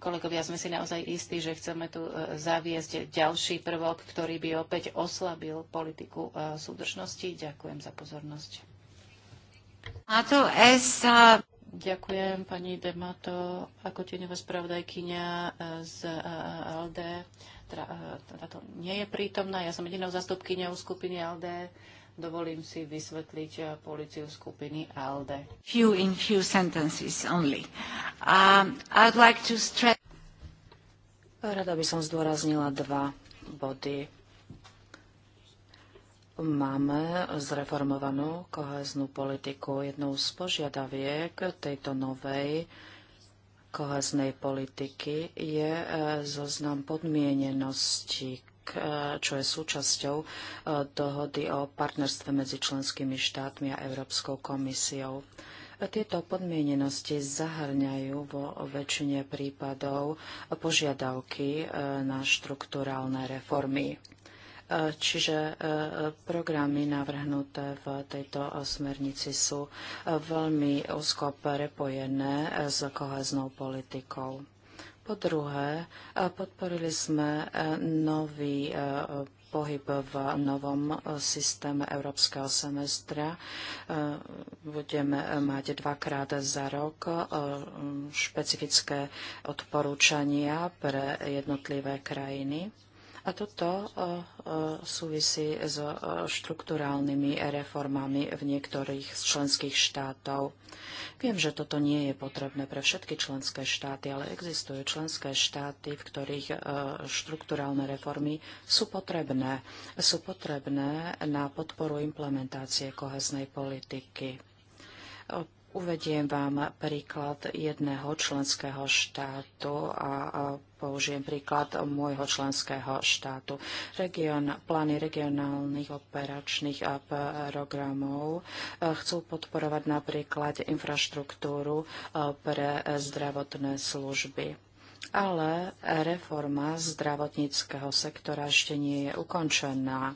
Kolegovia, sme si naozaj istí, že chceme tu e, zaviesť ďalší prvok, ktorý by opäť oslabil politiku e, súdržnosti. Ďakujem za pozornosť. A to S. Ďakujem pani Demato ako tieňová spravodajkynia e, z LD. Teda, teda, to nie je prítomná, ja som jedinou zastupkyňou skupiny LD. Dovolím si vysvetliť eh, policiu skupiny ALDE.
Few in few
sentences only. Um, I'd like to stress... Rada by som zdôraznila dva body. Máme zreformovanú koheznú politiku. Jednou z požiadaviek tejto novej koheznej politiky je eh, zoznam podmienenosti, E, čo je súčasťou e, dohody o partnerstve medzi členskými štátmi a Európskou komisiou. E, tieto podmienenosti zahrňajú vo väčšine prípadov požiadavky na štruktúrálne reformy. Čiže programy navrhnuté v tejto smernici sú veľmi úzko prepojené s koheznou politikou. Po druhé, e, podporili sme e, nový e, pohyb v novom systéme európskeho semestra. Budeme mať dvakrát za rok špecifické odporúčania pre jednotlivé krajiny. A toto e, e, súvisí s e, štruktúrálnymi reformami v niektorých z členských štátov. Viem, že toto nie je potrebné pre všetky členské štáty, ale existujú členské štáty, v ktorých štruktúrálne reformy sú potrebné. Sú potrebné na podporu implementácie koheznej politiky Uvediem vám príklad jedného členského štátu a použijem príklad môjho členského štátu. Region, plány regionálnych operačných programov e, chcú podporovať napríklad infraštruktúru e, pre zdravotné služby. Ale reforma zdravotníckého sektora ešte nie je ukončená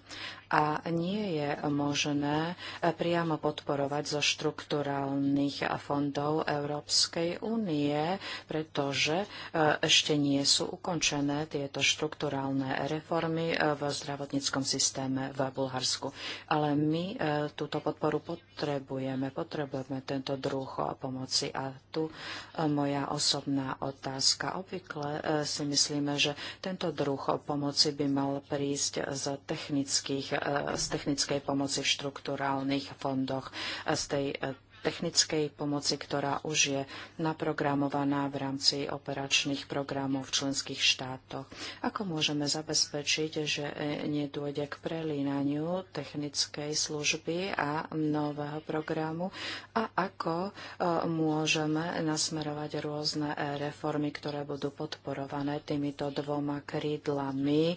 a nie je možné eh, priamo podporovať zo štrukturálnych eh, fondov Európskej únie, pretože eh, ešte nie sú ukončené tieto štrukturálne reformy v zdravotníckom systéme v Bulharsku. Ale my túto podporu potrebujeme, potrebujeme tento druh pomoci. A tu moja osobná otázka. Obvykle si myslíme, že tento druh pomoci by mal prísť z technických E, z technickej pomoci v štruktúrálnych fondoch, e, z tej e, technickej pomoci, ktorá už je naprogramovaná v rámci operačných programov v členských štátoch. Ako môžeme zabezpečiť, že nedôjde k prelínaniu technickej služby a nového programu a ako môžeme nasmerovať rôzne reformy, ktoré budú podporované týmito dvoma krídlami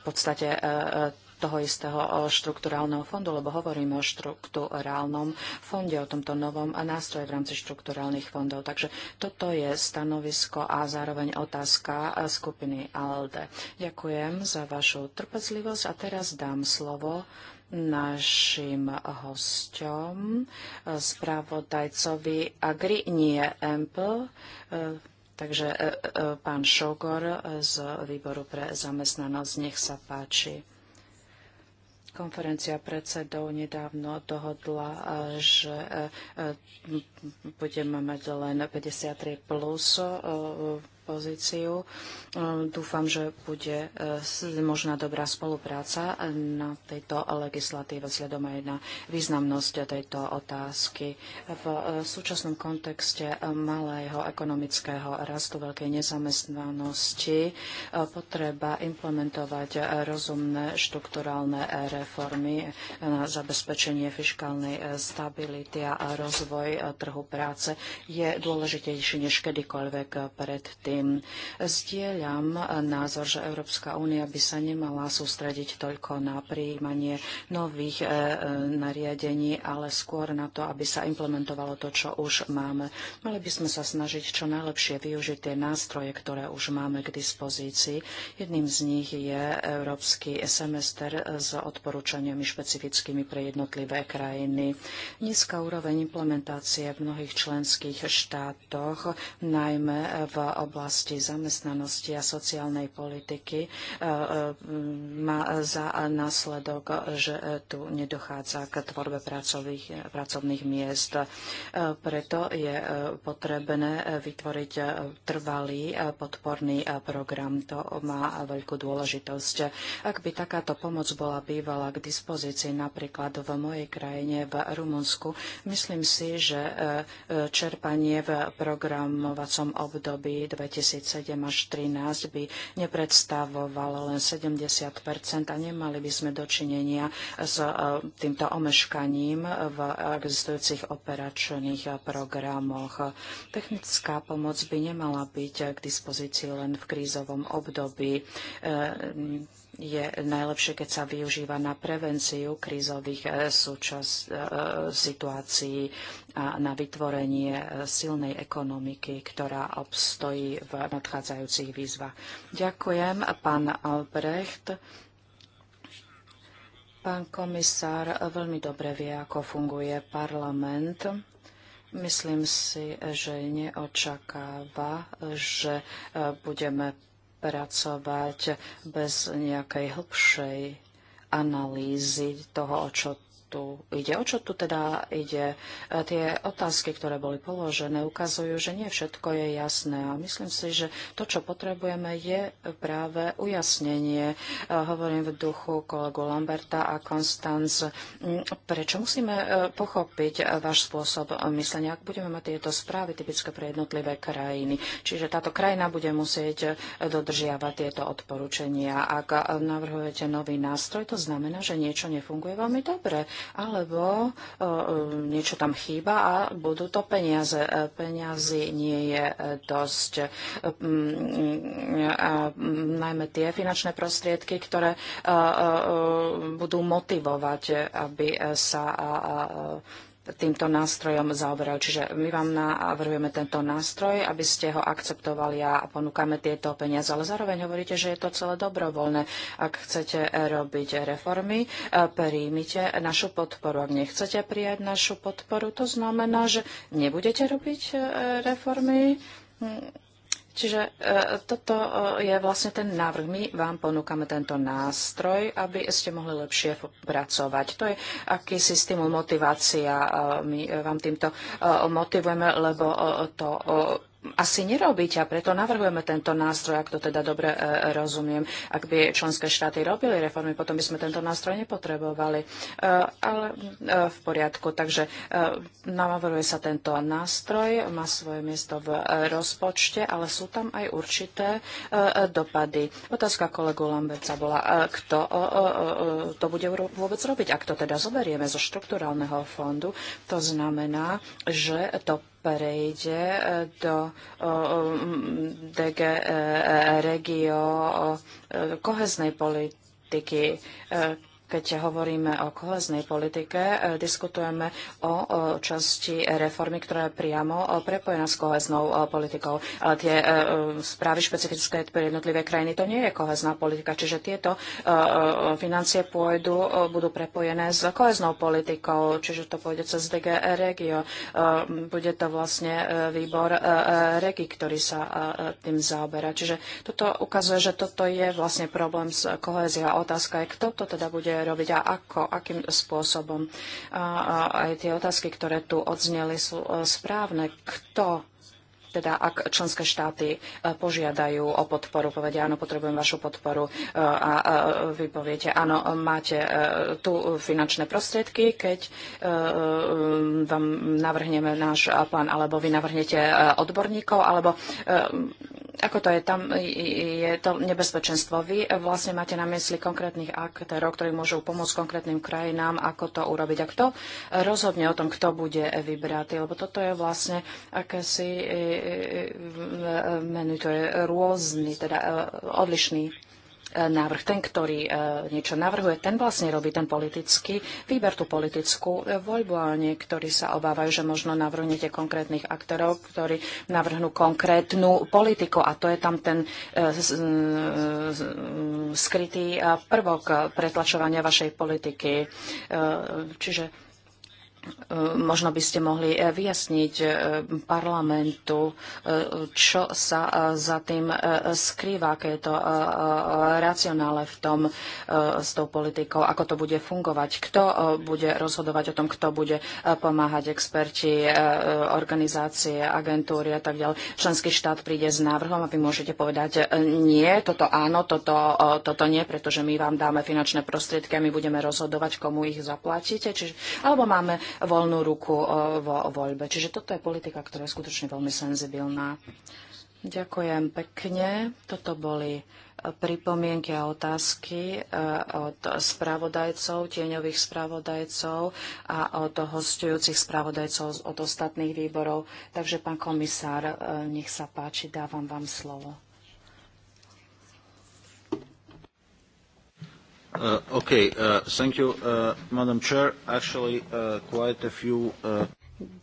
v podstate e, e, toho istého e, štrukturálneho fondu, lebo hovoríme o štrukturálnom fonde, o tomto novom nástroje v rámci štrukturálnych fondov. Takže toto je stanovisko a zároveň otázka skupiny ALDE. Ďakujem za vašu trpezlivosť a teraz dám slovo našim hosťom, spravodajcovi Agri, nie Empl, Takže e, e, pán Šogor z výboru pre zamestnanosť, nech sa páči. Konferencia predsedov nedávno dohodla, e, že budeme mať len 53 plus pozíciu. Ehm, dúfam, že bude eh, možná dobrá spolupráca eh, na tejto legislatíve vzhľadom aj na významnosť tejto otázky. V eh, súčasnom kontexte malého ekonomického rastu, veľkej nezamestnanosti potreba implementovať rozumné štrukturálne reformy na zabezpečenie fiskálnej stability a rozvoj trhu práce je dôležitejší než kedykoľvek predtým tým. Stieľam názor, že Európska únia by sa nemala sústrediť toľko na prijímanie nových e, e, nariadení, ale skôr na to, aby sa implementovalo to, čo už máme. Mali by sme sa snažiť čo najlepšie využiť tie nástroje, ktoré už máme k dispozícii. Jedným z nich je Európsky semester s odporúčaniami špecifickými pre jednotlivé krajiny. Nízka úroveň implementácie v mnohých členských štátoch, najmä v oblasti oblasti zamestnanosti a sociálnej politiky e, e, má za následok, že tu nedochádza k tvorbe pracových, pracovných miest. E, preto je potrebné vytvoriť trvalý podporný program. To má veľkú dôležitosť. Ak by takáto pomoc bola bývala k dispozícii napríklad v mojej krajine v Rumunsku, myslím si, že čerpanie v programovacom období 2000 2007 až 2013 by nepredstavoval len 70 a nemali by sme dočinenia s e, týmto omeškaním v existujúcich operačných programoch. Technická pomoc by nemala byť k dispozícii len v krízovom období e, je najlepšie, keď sa využíva na prevenciu krízových e, súčas, e, situácií a na vytvorenie e, silnej ekonomiky, ktorá obstojí v nadchádzajúcich výzvach. Ďakujem, pán Albrecht. Pán komisár veľmi dobre vie, ako funguje parlament. Myslím si, že neočakáva, že budeme pracovať bez nejakej hĺbšej analýzy toho, o čo tu ide? O čo tu teda ide? E, tie otázky, ktoré boli položené, ukazujú, že nie všetko je jasné. A myslím si, že to, čo potrebujeme, je práve ujasnenie. E, hovorím v duchu kolegu Lamberta a Konstanc. Mm, prečo musíme e, pochopiť váš spôsob myslenia, ak budeme mať tieto správy typické pre jednotlivé krajiny? Čiže táto krajina bude musieť dodržiavať tieto odporúčania. Ak navrhujete nový nástroj, to znamená, že niečo nefunguje veľmi dobre alebo e, e, niečo tam chýba a budú to peniaze. E, peniazy nie je dosť. A najmä tie finančné prostriedky, ktoré budú motivovať, aby sa týmto nástrojom zaoberajú. Čiže my vám navrhujeme tento nástroj, aby ste ho akceptovali a ponúkame tieto peniaze, ale zároveň hovoríte, že je to celé dobrovoľné. Ak chcete robiť reformy, eh, príjmite našu podporu. Ak nechcete prijať našu podporu, to znamená, že nebudete robiť eh, reformy hm. Čiže e, toto e, je vlastne ten návrh. My vám ponúkame tento nástroj, aby ste mohli lepšie pracovať. To je akýsi stimul motivácia. E, my vám týmto motivujeme, lebo to asi nerobiť a preto navrhujeme tento nástroj, ak to teda dobre e, rozumiem. Ak by členské štáty robili reformy, potom by sme tento nástroj nepotrebovali. E, ale e, v poriadku, takže navrhuje sa tento nástroj, má svoje miesto v rozpočte, ale sú tam aj určité dopady. Otázka kolegu Lambeca bola, kto to bude vôbec robiť. Ak to teda zoberieme zo štrukturálneho fondu, to znamená, že to prejde e, do DG e, e, Regio koheznej politiky, keď hovoríme o koheznej politike, e, diskutujeme o časti reformy, ktorá je priamo e, prepojená s koheznou e, politikou. Ale tie správy špecifické pre jednotlivé krajiny, to nie je kohezná politika. Čiže tieto financie pôjdu, budú prepojené s koheznou politikou, čiže to pôjde cez DG Regio. Bude to vlastne výbor Regi, ktorý sa tým zaoberá. Čiže toto ukazuje, že toto je vlastne problém s koheziou. Otázka je, kto to teda bude robiť a ako, akým spôsobom. A, a aj tie otázky, ktoré tu odzneli, sú e, správne. Kto teda ak členské štáty e, požiadajú o podporu, povedia, áno, potrebujem vašu podporu e, a vy poviete, áno, máte e, tu finančné prostriedky, keď vám navrhneme náš plán, alebo vy navrhnete odborníkov, alebo ako to je, tam je to nebezpečenstvo. Vy vlastne máte na mysli konkrétnych aktérov, ktorí môžu pomôcť konkrétnym krajinám, ako to urobiť. A kto rozhodne o tom, kto bude vybratý? Lebo toto je vlastne akési menu, to je rôzny, teda e, odlišný e, návrh. Ten, ktorý e, niečo navrhuje, ten vlastne robí ten politický výber, tú politickú voľbu a niektorí sa obávajú, že možno navrhnete konkrétnych aktorov, ktorí navrhnú konkrétnu politiku a to je tam ten skrytý prvok pretlačovania vašej politiky. Čiže E, možno by ste mohli e, vyjasniť e, parlamentu, čo sa za tým skrýva, aké je to racionále v tom s tou politikou, ako to bude fungovať, kto bude rozhodovať o tom, kto bude pomáhať experti, organizácie, agentúry a tak ďalej. Členský štát príde s návrhom a vy môžete povedať nie, toto áno, toto, toto nie, pretože my vám dáme finančné prostriedky a my budeme rozhodovať, komu ich zaplatíte. Čiže, alebo máme voľnú ruku eh, vo voľbe. Čiže toto je politika, ktorá je skutočne veľmi senzibilná. Ďakujem pekne. Toto boli eh, pripomienky a otázky eh, od spravodajcov, tieňových spravodajcov a od hostujúcich spravodajcov od ostatných výborov. Takže, pán komisár, nech sa páči, dávam vám slovo. Uh, okay, uh, thank you, uh, Madam Chair. Actually, uh, quite a few... Uh...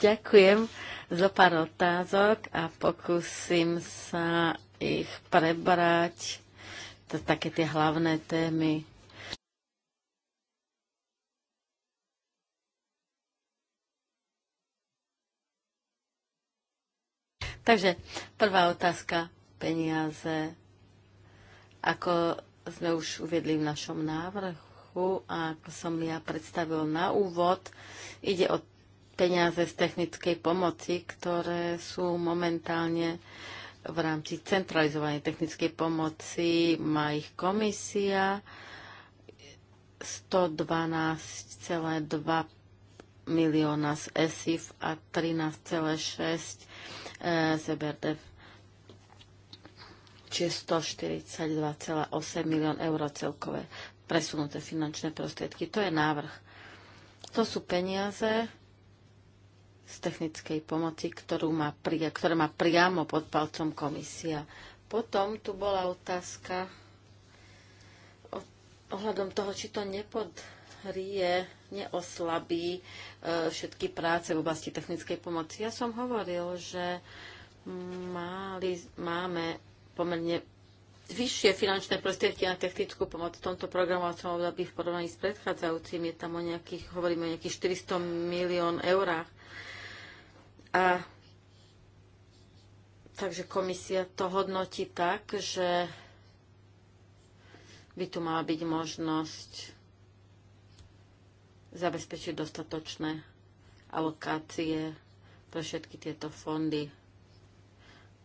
Ďakujem za pár otázok a pokúsim sa ich prebrať. To také tie hlavné témy. Takže prvá otázka, peniaze. Ako sme už uviedli v našom návrhu a ako som ja predstavil na úvod, ide o peniaze z technickej pomoci, ktoré sú momentálne v rámci centralizovanej technickej pomoci. Má ich komisia 112,2 milióna z ESIF a 13,6 eh, z EBRDF čiže 142,8 milión eur celkové presunuté finančné prostriedky. To je návrh. To sú peniaze z technickej pomoci, ktorú má, ktoré má priamo pod palcom komisia. Potom tu bola otázka ohľadom toho, či to nepodrie, neoslabí e, všetky práce v oblasti technickej pomoci. Ja som hovoril, že mali, máme pomerne vyššie finančné prostriedky na technickú pomoc v tomto programovacom období v porovnaní s predchádzajúcim. Je tam o nejakých, hovoríme o nejakých 400 milión eurách. A takže komisia to hodnotí tak, že by tu mala byť možnosť zabezpečiť dostatočné alokácie pre všetky tieto fondy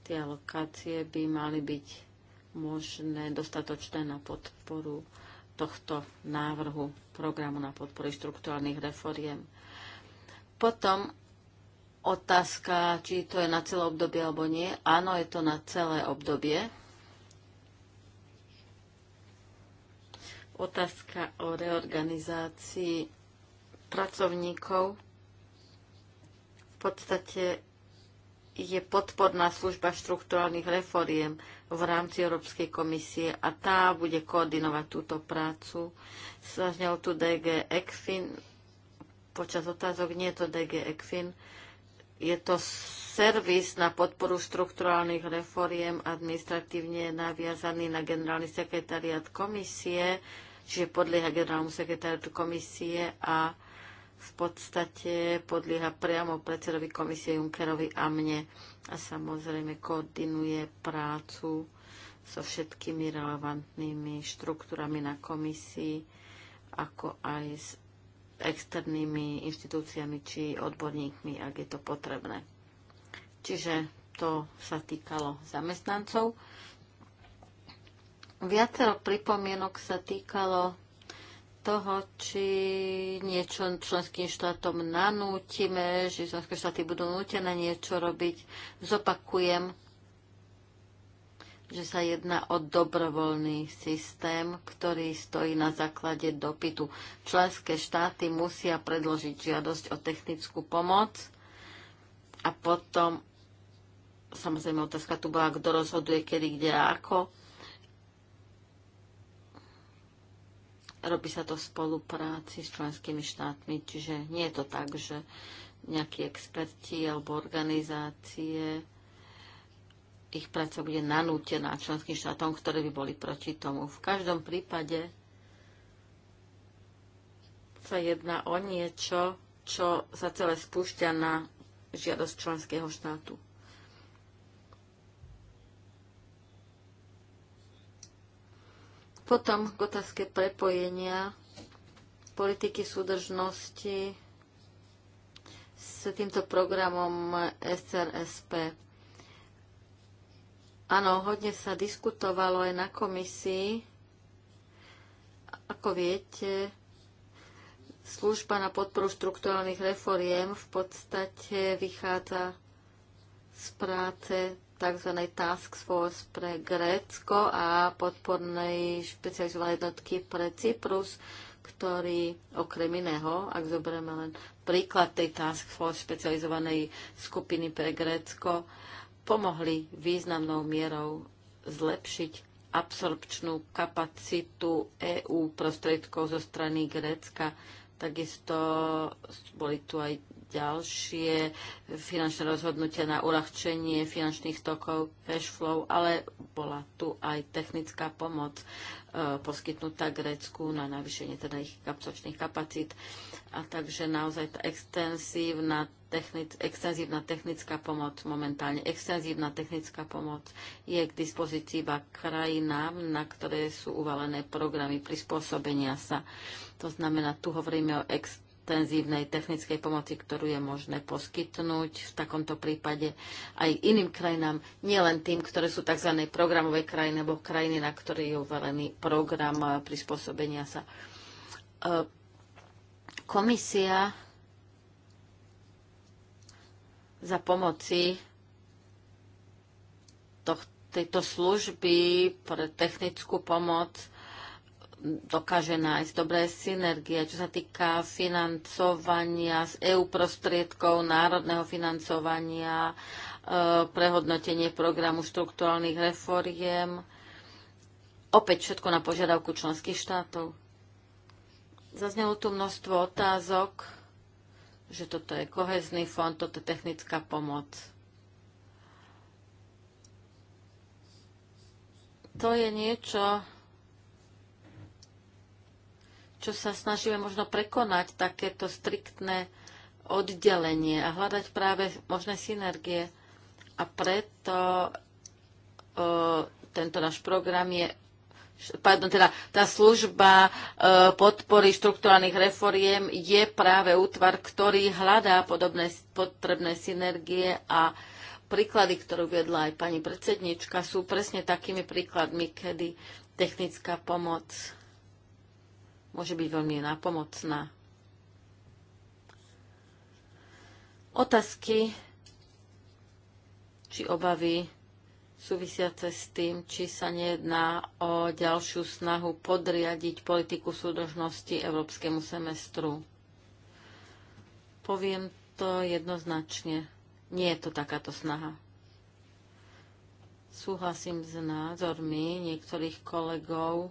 Tie alokácie by mali byť možné dostatočné na podporu tohto návrhu programu na podporu štruktúrnych reforiem. Potom otázka, či to je na celé obdobie alebo nie. Áno, je to na celé obdobie. Otázka o reorganizácii pracovníkov. V podstate je podporná služba štruktúrnych reforiem v rámci Európskej komisie a tá bude koordinovať túto prácu. Zaznel tu DG ECFIN, počas otázok nie je to DG ECFIN, je to servis na podporu štruktúrnych reforiem administratívne naviazaný na generálny sekretariat komisie, čiže podlieha generálnu sekretariatu komisie a v podstate podlieha priamo predsedovi komisie Junckerovi a mne a samozrejme koordinuje prácu so všetkými relevantnými štruktúrami na komisii, ako aj s externými inštitúciami či odborníkmi, ak je to potrebné. Čiže to sa týkalo zamestnancov. Viacero pripomienok sa týkalo toho, či niečo členským štátom nanútime, že členské štáty budú nútené niečo robiť. Zopakujem, že sa jedná o dobrovoľný systém, ktorý stojí na základe dopytu. Členské štáty musia predložiť žiadosť o technickú pomoc a potom, samozrejme otázka tu bola, kto rozhoduje, kedy, kde a ako robí sa to v spolupráci s členskými štátmi, čiže nie je to tak, že nejakí experti alebo organizácie ich práca bude nanútená členským štátom, ktoré by boli proti tomu. V každom prípade sa jedná o niečo, čo sa celé spúšťa na žiadosť členského štátu. Potom k otázke prepojenia politiky súdržnosti s týmto programom SRSP. Áno, hodne sa diskutovalo aj na komisii. Ako viete, služba na podporu štruktúrnych reforiem v podstate vychádza z práce tzv. Task Force pre Grécko a podpornej špecializovanej jednotky pre Cyprus, ktorý okrem iného, ak zoberieme len príklad tej Task Force špecializovanej skupiny pre Grécko, pomohli významnou mierou zlepšiť absorpčnú kapacitu EÚ prostriedkov zo strany Grécka. Takisto boli tu aj ďalšie finančné rozhodnutia na uľahčenie finančných tokov cash flow, ale bola tu aj technická pomoc e, poskytnutá Grécku na navýšenie teda ich kapsačných kapacít. A takže naozaj tá extenzívna, technic, extenzívna technická pomoc momentálne, extenzívna technická pomoc je k dispozícii iba krajinám, na ktoré sú uvalené programy prispôsobenia sa. To znamená, tu hovoríme o ex intenzívnej technickej pomoci, ktorú je možné poskytnúť v takomto prípade aj iným krajinám, nielen tým, ktoré sú tzv. programové krajiny alebo krajiny, na ktoré je uvalený program prispôsobenia sa. E, komisia za pomoci tohto tejto služby pre technickú pomoc dokáže nájsť dobré synergie, čo sa týka financovania z EU prostriedkov, národného financovania, e, prehodnotenie programu štruktúrnych reforiem. Opäť všetko na požiadavku členských štátov. Zaznelo tu množstvo otázok, že toto je kohezný fond, toto je technická pomoc. To je niečo, čo sa snažíme možno prekonať takéto striktné oddelenie a hľadať práve možné synergie. A preto o, tento náš program je pardon, teda tá služba e, podpory štruktúrálnych reforiem je práve útvar, ktorý hľadá podobné potrebné synergie a príklady, ktorú viedla aj pani predsednička, sú presne takými príkladmi, kedy technická pomoc môže byť veľmi napomocná. Otázky či obavy súvisiace s tým, či sa nejedná o ďalšiu snahu podriadiť politiku súdržnosti európskemu semestru. Poviem to jednoznačne. Nie je to takáto snaha. Súhlasím s názormi niektorých kolegov,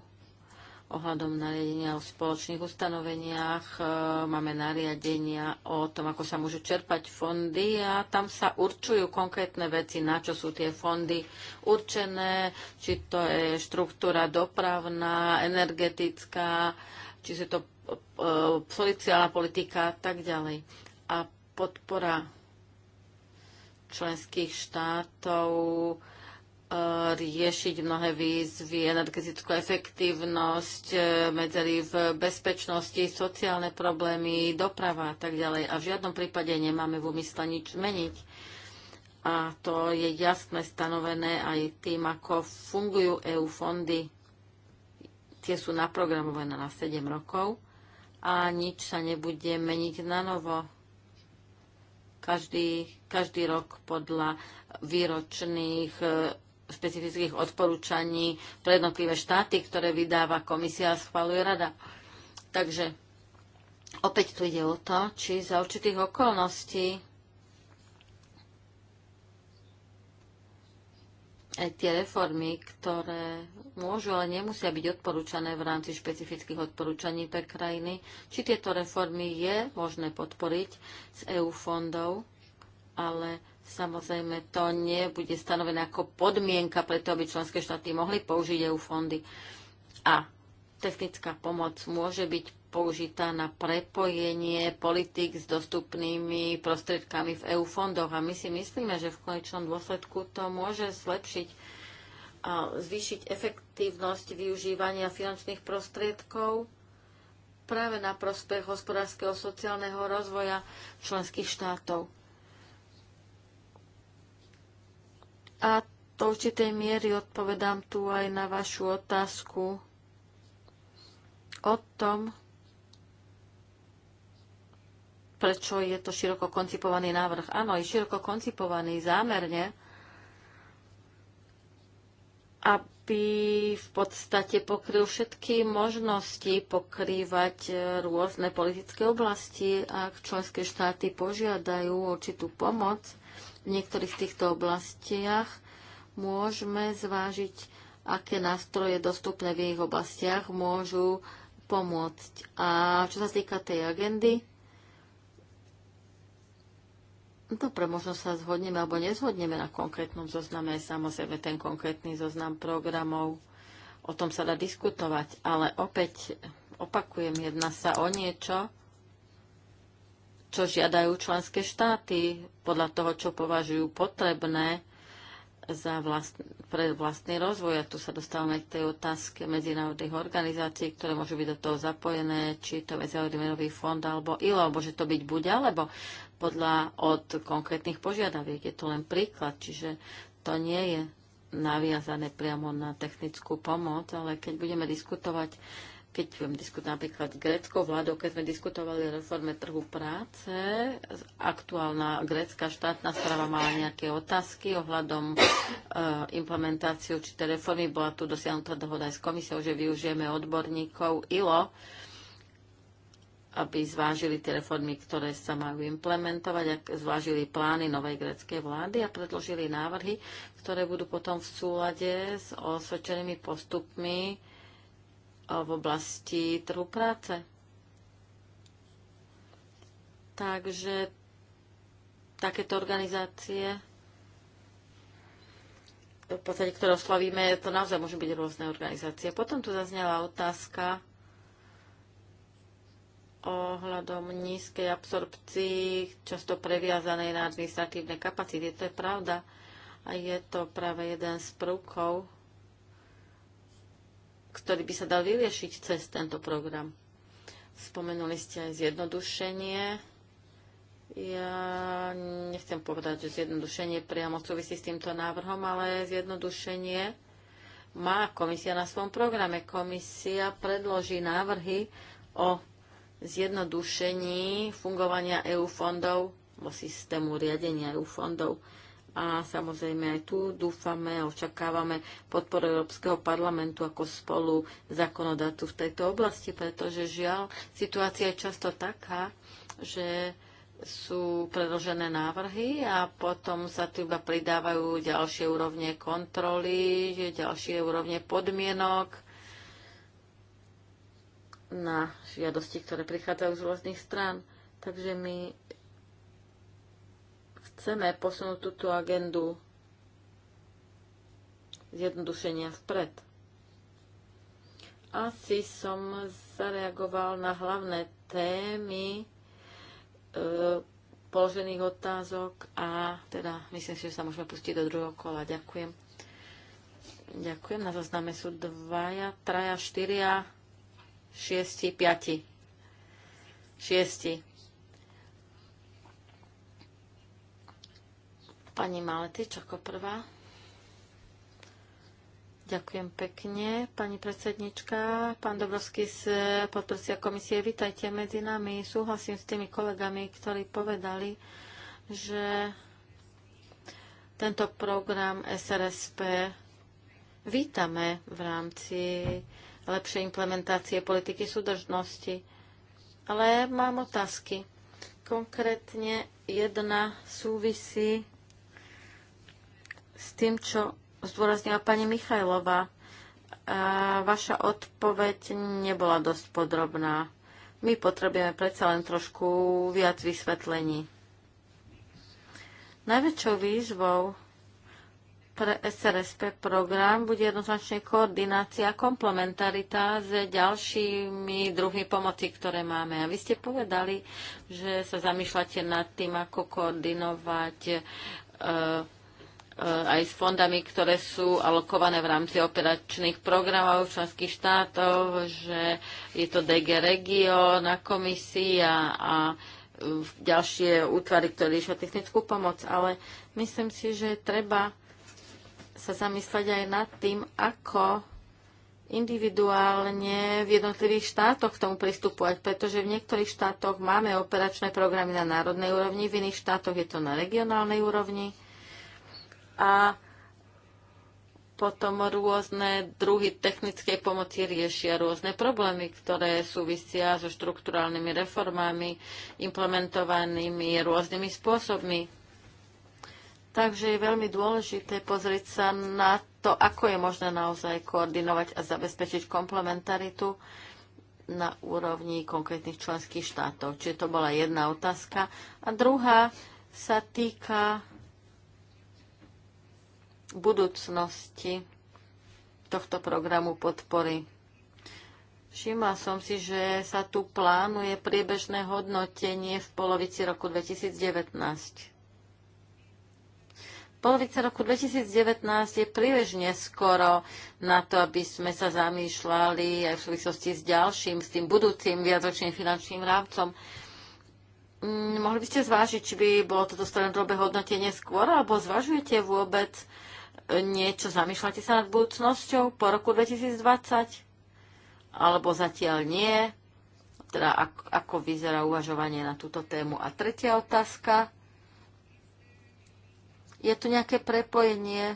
ohľadom nariadenia o spoločných ustanoveniach. E, máme nariadenia o tom, ako sa môžu čerpať fondy a tam sa určujú konkrétne veci, na čo sú tie fondy určené, či to je štruktúra dopravná, energetická, či sú to e, sociálna politika a tak ďalej. A podpora členských štátov riešiť mnohé výzvy, energetickú efektívnosť, e, medzery v bezpečnosti, sociálne problémy, doprava a tak ďalej. A v žiadnom prípade nemáme v úmysle nič meniť. A to je jasne stanovené aj tým, ako fungujú EU fondy. Tie sú naprogramované na 7 rokov a nič sa nebude meniť na novo. Každý, každý rok podľa výročných e, špecifických odporúčaní pre jednotlivé štáty, ktoré vydáva komisia a schváluje rada. Takže opäť tu ide o to, či za určitých okolností aj tie reformy, ktoré môžu, ale nemusia byť odporúčané v rámci špecifických odporúčaní pre krajiny, či tieto reformy je možné podporiť z EU fondov, ale Samozrejme, to nebude stanovené ako podmienka preto, aby členské štáty mohli použiť EU fondy. A technická pomoc môže byť použitá na prepojenie politik s dostupnými prostriedkami v EU fondoch. A my si myslíme, že v konečnom dôsledku to môže zlepšiť a zvýšiť efektívnosť využívania finančných prostriedkov práve na prospech hospodárskeho sociálneho rozvoja členských štátov. A do určitej miery odpovedám tu aj na vašu otázku o tom, prečo je to široko koncipovaný návrh. Áno, je široko koncipovaný zámerne, aby v podstate pokryl všetky možnosti pokrývať e, rôzne politické oblasti, ak členské štáty požiadajú určitú pomoc – v niektorých z týchto oblastiach môžeme zvážiť, aké nástroje dostupné v ich oblastiach môžu pomôcť. A čo sa týka tej agendy, Dobre, možno sa zhodneme alebo nezhodneme na konkrétnom zozname. Samozrejme, ten konkrétny zoznam programov, o tom sa dá diskutovať, ale opäť opakujem, jedna sa o niečo, čo žiadajú členské štáty podľa toho, čo považujú potrebné za vlastn- pre vlastný rozvoj. A tu sa dostávame k tej otázke medzinárodných organizácií, ktoré môžu byť do toho zapojené, či to Medzinárodný menový fond alebo ILO. Môže to byť buď alebo podľa od konkrétnych požiadaviek. Je to len príklad, čiže to nie je naviazané priamo na technickú pomoc, ale keď budeme diskutovať keď budem diskutovať napríklad s greckou vládou, keď sme diskutovali o reforme trhu práce, aktuálna grécka štátna správa mala nejaké otázky ohľadom e, implementáciu tej reformy. Bola tu dosiahnutá dohoda aj s komisiou, že využijeme odborníkov ILO, aby zvážili tie reformy, ktoré sa majú implementovať, ak zvážili plány novej gréckej vlády a predložili návrhy, ktoré budú potom v súlade s osvedčenými postupmi v oblasti trhu práce. Takže takéto organizácie, v podstate, ktoré oslavíme, to naozaj môžu byť rôzne organizácie. Potom tu zaznela otázka ohľadom nízkej absorpcii, často previazanej na administratívne kapacity. To je pravda a je to práve jeden z prvkov, ktorý by sa dal vyriešiť cez tento program. Spomenuli ste aj zjednodušenie. Ja nechcem povedať, že zjednodušenie priamo súvisí s týmto návrhom, ale zjednodušenie má komisia na svojom programe. Komisia predloží návrhy o zjednodušení fungovania EU fondov, vo systému riadenia EU fondov a samozrejme aj tu dúfame a očakávame podporu Európskeho parlamentu ako spolu zákonodatu v tejto oblasti, pretože žiaľ, situácia je často taká, že sú predložené návrhy a potom sa tu iba pridávajú ďalšie úrovne kontroly, ďalšie úrovne podmienok na žiadosti, ktoré prichádzajú z rôznych strán. Takže my Chceme posunúť túto agendu zjednodušenia vpred. Asi som zareagoval na hlavné témy e, položených otázok a teda myslím si, že sa môžeme pustiť do druhého kola. Ďakujem. Ďakujem. Na zozname sú dvaja, traja, štyria, šiesti, piati. Šiesti. Pani Maletič ako prvá. Ďakujem pekne, pani predsednička. Pán Dobrovský z podprostia komisie, vitajte medzi nami. Súhlasím s tými kolegami, ktorí povedali, že tento program SRSP vítame v rámci lepšej implementácie politiky súdržnosti. Ale mám otázky. Konkrétne jedna súvisí s tým, čo zdôraznila pani Michajlová. Vaša odpoveď nebola dosť podrobná. My potrebujeme predsa len trošku viac vysvetlení. Najväčšou výzvou pre SRSP program bude jednoznačne koordinácia a komplementarita s ďalšími druhmi pomoci, ktoré máme. A vy ste povedali, že sa zamýšľate nad tým, ako koordinovať e, Eh, aj s fondami, ktoré sú alokované v rámci operačných programov členských štátov, že je to DG Regio na komisii a, a eh, ďalšie útvary, ktoré riešia technickú pomoc. Ale myslím si, že treba sa zamyslieť aj nad tým, ako individuálne v jednotlivých štátoch k tomu pristupovať, pretože v niektorých štátoch máme operačné programy na národnej úrovni, v iných štátoch je to na regionálnej úrovni a potom rôzne druhy technickej pomoci riešia rôzne problémy, ktoré súvisia so štrukturálnymi reformami, implementovanými rôznymi spôsobmi. Takže je veľmi dôležité pozrieť sa na to, ako je možné naozaj koordinovať a zabezpečiť komplementaritu na úrovni konkrétnych členských štátov. Čiže to bola jedna otázka. A druhá sa týka budúcnosti tohto programu podpory. Všimla som si, že sa tu plánuje priebežné hodnotenie v polovici roku 2019. Polovica roku 2019 je príliš neskoro na to, aby sme sa zamýšľali aj v súvislosti s ďalším, s tým budúcim viacročným finančným rámcom. Mm, mohli by ste zvážiť, či by bolo toto strednodobé hodnotenie skôr, alebo zvažujete vôbec niečo, zamýšľate sa nad budúcnosťou po roku 2020? Alebo zatiaľ nie? Teda ako, ako vyzerá uvažovanie na túto tému? A tretia otázka. Je tu nejaké prepojenie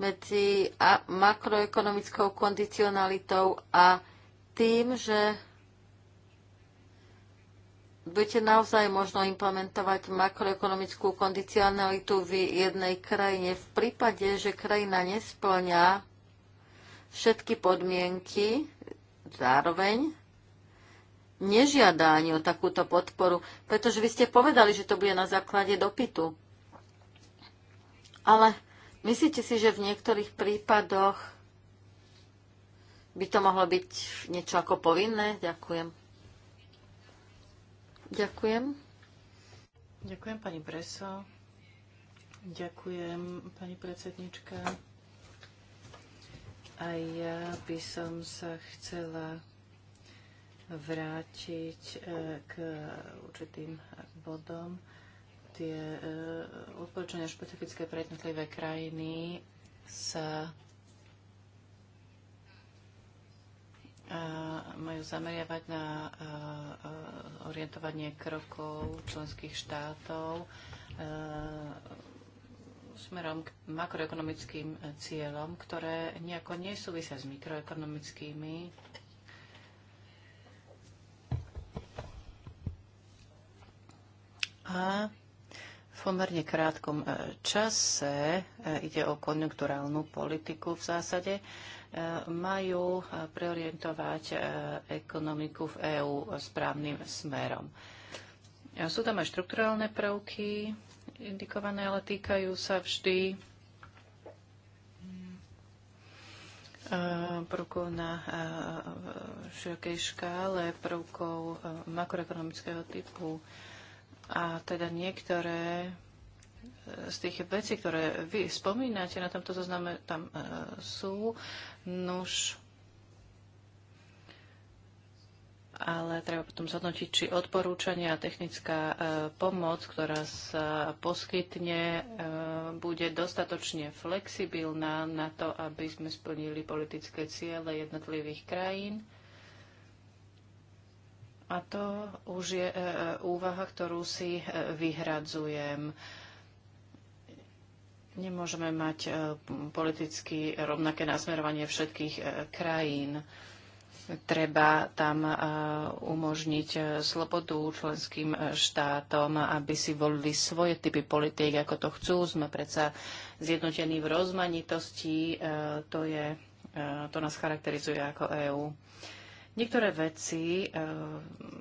medzi makroekonomickou kondicionalitou a tým, že budete naozaj možno implementovať makroekonomickú kondicionalitu v jednej krajine v prípade, že krajina nesplňa všetky podmienky zároveň nežiada ani o takúto podporu, pretože vy ste povedali, že to bude na základe dopytu. Ale myslíte si, že v niektorých prípadoch by to mohlo byť niečo ako povinné? Ďakujem.
Ďakujem. Ďakujem, pani Breso. Ďakujem, pani predsednička. A ja by som sa chcela vrátiť e, k určitým bodom. Tie e, odporúčania špecifické pre jednotlivé krajiny sa majú zameriavať na orientovanie krokov členských štátov smerom k makroekonomickým cieľom, ktoré nejako nesúvisia s mikroekonomickými. A v pomerne krátkom e, čase e, ide o konjunkturálnu politiku v zásade E, majú e, preorientovať e, ekonomiku v EÚ správnym smerom. Sú tam aj štrukturálne prvky indikované, ale týkajú sa vždy prvkov na širokej škále, prvkov makroekonomického typu. A teda niektoré z tých vecí, ktoré vy spomínate na tomto zozname, tam e, sú. Nuž, ale treba potom zhodnotiť, či odporúčania a technická e, pomoc, ktorá sa poskytne, e, bude dostatočne flexibilná na to, aby sme splnili politické ciele jednotlivých krajín. A to už je e, e úvaha, ktorú si e, vyhradzujem. E, Nemôžeme mať e, politicky rovnaké nasmerovanie všetkých e, krajín. Treba tam e, umožniť slobodu členským štátom, aby si volili svoje typy politik, ako to chcú. Sme predsa zjednotení v rozmanitosti. To, je, to nás charakterizuje ako EÚ. Niektoré veci eh,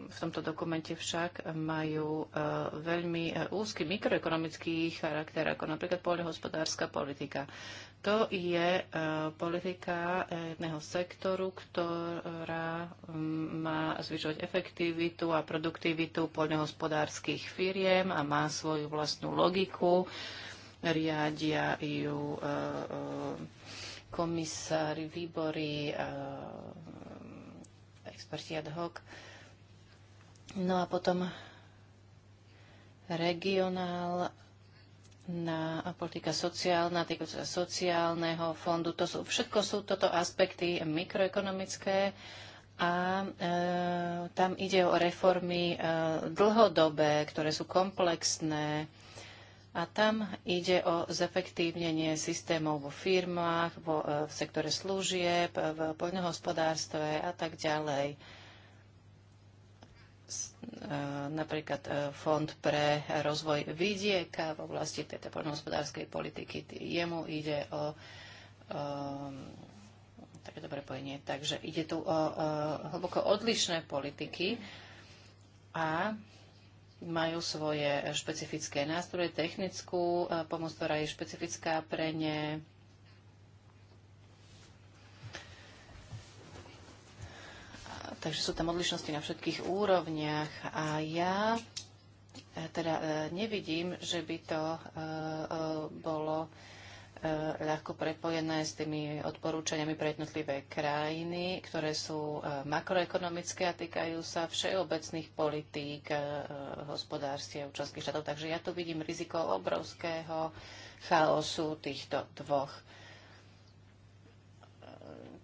v tomto dokumente však majú eh, veľmi eh, úzky mikroekonomický charakter, ako napríklad poľnohospodárska politika. To je politika jedného sektoru, ktorá mm, má zvyšovať efektivitu a produktivitu poľnohospodárskych firiem a má svoju vlastnú logiku. Riadia ju komisári, výbory, experti ad hoc. No a potom regionál na politika sociálna, týkajúca sociálneho fondu. To sú, všetko sú toto aspekty mikroekonomické a e, tam ide o reformy e, dlhodobé, ktoré sú komplexné, a tam ide o zefektívnenie systémov vo firmách, vo, e, v sektore služieb, e, v poľnohospodárstve a tak ďalej. E, napríklad Fond pre rozvoj vidieka v oblasti tejto poľnohospodárskej politiky, jemu ide o um, také dobré pojenie. Takže ide tu o, o hlboko odlišné politiky a majú svoje špecifické nástroje, technickú e, pomoc, ktorá je špecifická pre ne. Takže sú tam odlišnosti na všetkých úrovniach a ja e, teda e, nevidím, že by to bolo Eh, ľahko prepojené s tými odporúčaniami pre jednotlivé krajiny, ktoré sú eh, makroekonomické a týkajú sa všeobecných politík eh, hospodárstiev členských štátov. Takže ja tu vidím riziko obrovského chaosu týchto dvoch.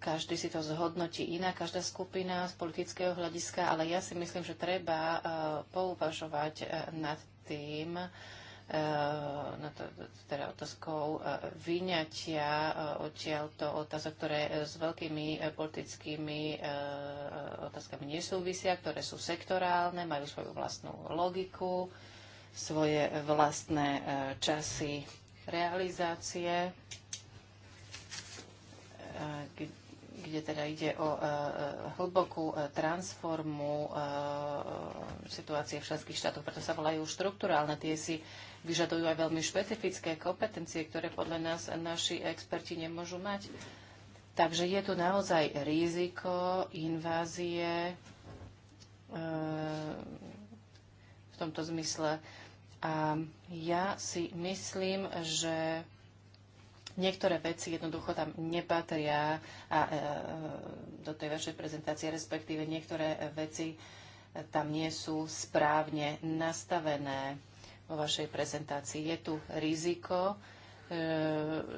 Každý si to zhodnotí iná, každá skupina z politického hľadiska, ale ja si myslím, že treba pouvažovať nad tým, Eh, na no to, teda otázkou eh, vyňatia eh, odtiaľto otázok, ktoré s veľkými politickými otázkami nesúvisia, ktoré sú sektorálne, majú svoju vlastnú logiku, svoje vlastné časy realizácie, kde teda ide o e, e, hlbokú e, transformu situácie v členských štátoch, preto sa volajú štruktúrálne. Tie si vyžadujú aj veľmi špecifické kompetencie, ktoré podľa nás naši experti nemôžu mať. Takže je tu naozaj riziko invázie v tomto zmysle. A ja si myslím, že niektoré veci jednoducho tam nepatria a, e, do tej vašej prezentácie, respektíve niektoré veci e, tam nie sú správne nastavené vo vašej prezentácii. Je tu riziko, e,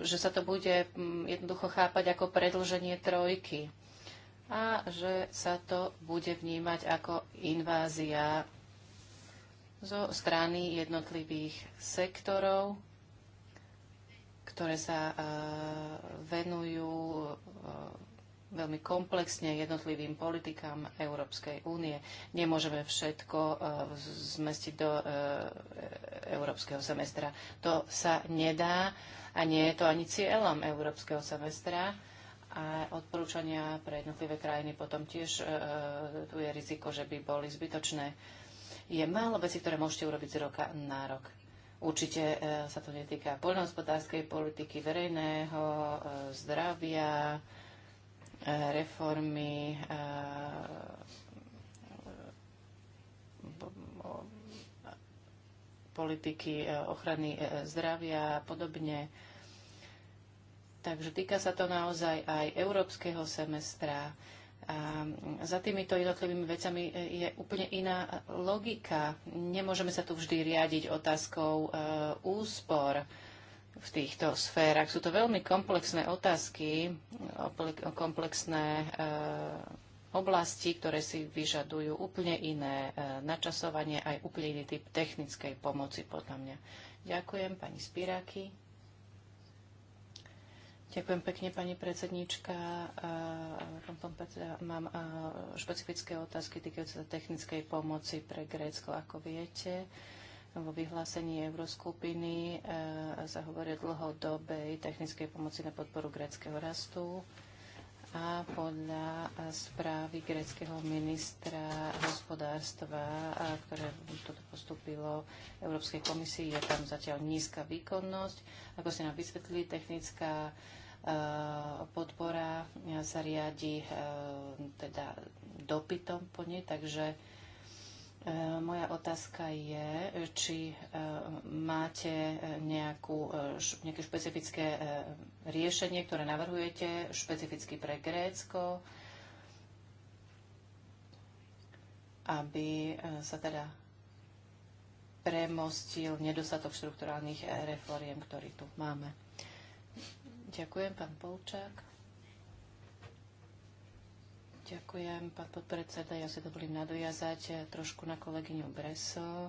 že sa to bude jednoducho chápať ako predlženie trojky a že sa to bude vnímať ako invázia zo strany jednotlivých sektorov ktoré sa e, venujú e, veľmi komplexne jednotlivým politikám Európskej únie. Nemôžeme všetko e, zmestiť do Európskeho semestra. To sa nedá a nie je to ani cieľom Európskeho semestra. A odporúčania pre jednotlivé krajiny potom tiež tu je riziko, že by boli zbytočné. Je málo vecí, ktoré môžete urobiť z roka na rok. Určite e, sa to netýka poľnohospodárskej politiky, verejného e, zdravia, e, reformy politiky ochrany zdravia a podobne. Takže týka sa to naozaj aj európskeho semestra, a za týmito jednotlivými vecami e, je úplne iná e, logika. Nemôžeme sa tu vždy riadiť otázkou e, úspor v týchto sférach. Sú to veľmi komplexné otázky, komplexné e, oblasti, ktoré si vyžadujú úplne iné e, načasovanie, aj úplne iný typ technickej pomoci, podľa mňa. Ďakujem, pani Spiráky. Ďakujem pekne, pani predsednička. E, mám e, špecifické otázky týkajúce sa technickej pomoci pre Grécko. Ako viete, vo vyhlásení Euroskupiny e, sa hovorí o dlhodobej technickej pomoci na podporu gréckého rastu a podľa správy greckého ministra hospodárstva, ktoré toto postupilo Európskej komisii, je tam zatiaľ nízka výkonnosť. Ako ste nám vysvetlili, technická e, podpora sa riadi e, teda dopytom po nej, takže E, moja otázka je, či e, máte nejakú, e, nejaké špecifické riešenie, ktoré navrhujete, špecificky pre Grécko, aby sa teda premostil nedostatok štrukturálnych reforiem, ktorý tu máme. Ďakujem, pán Polčák. Ďakujem, pán podpredseda. Ja si dovolím nadviazať eh, trošku na kolegyňu Breso.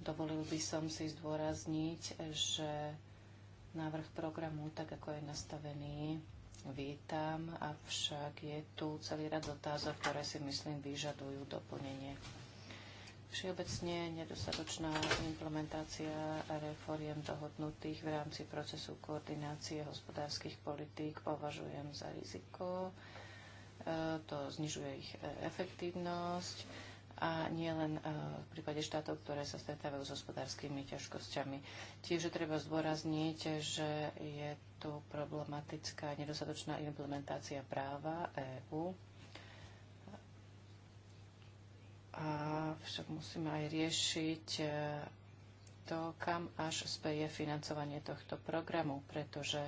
Dovolil by som si zdôrazniť, že návrh programu, tak ako je nastavený, vítam, avšak je tu celý rad otázok, ktoré si myslím vyžadujú doplnenie. Všeobecne nedostatočná implementácia reforiem dohodnutých v rámci procesu koordinácie hospodárskych politík považujem za riziko E, to znižuje ich e, efektívnosť a nie len e, v prípade štátov, ktoré sa stretávajú s hospodárskymi ťažkosťami. Tiež treba zdôrazniť, že je tu problematická nedostatočná implementácia práva EÚ. A však musíme aj riešiť to, kam až speje financovanie tohto programu, pretože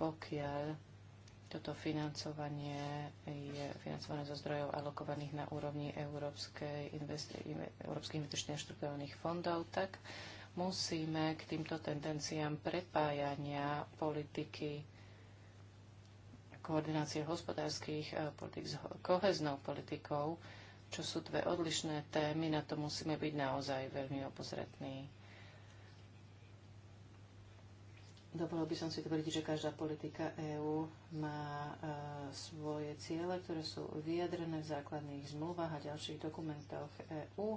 pokiaľ toto financovanie je financované zo zdrojov alokovaných na úrovni Európskej investi- Európskych investičných štruktúrnych fondov, tak musíme k týmto tendenciám prepájania politiky koordinácie hospodárskych politik s koheznou politikou, čo sú dve odlišné témy, na to musíme byť naozaj veľmi obozretní. Dovolil by som si tvrdiť, že každá politika EÚ má e, svoje ciele, ktoré sú vyjadrené v základných zmluvách a ďalších dokumentoch EÚ.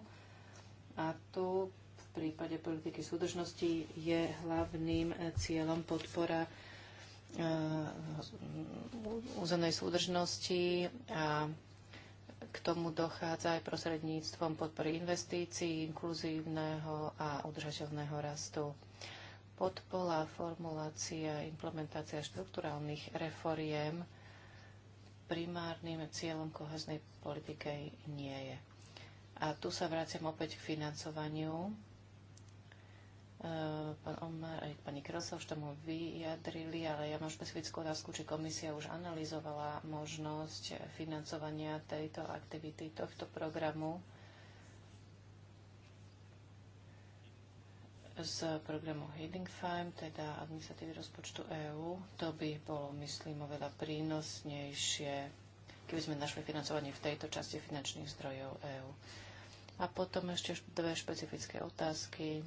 A tu v prípade politiky súdržnosti je hlavným e, cieľom podpora e, územnej súdržnosti a k tomu dochádza aj prostredníctvom podpory investícií, inkluzívneho a udržateľného rastu podpola, formulácia, implementácia štrukturálnych reforiem primárnym cieľom koheznej politike nie je. A tu sa vraciam opäť k financovaniu. E, pán Omar aj pani Krosov tomu vyjadrili, ale ja mám špecifickú otázku, či komisia už analyzovala možnosť financovania tejto aktivity, tohto programu z programu Heading Time, teda administratívy rozpočtu EÚ. To by bolo, myslím, oveľa prínosnejšie, keby sme našli financovanie v tejto časti finančných zdrojov EÚ. A potom ešte dve špecifické otázky.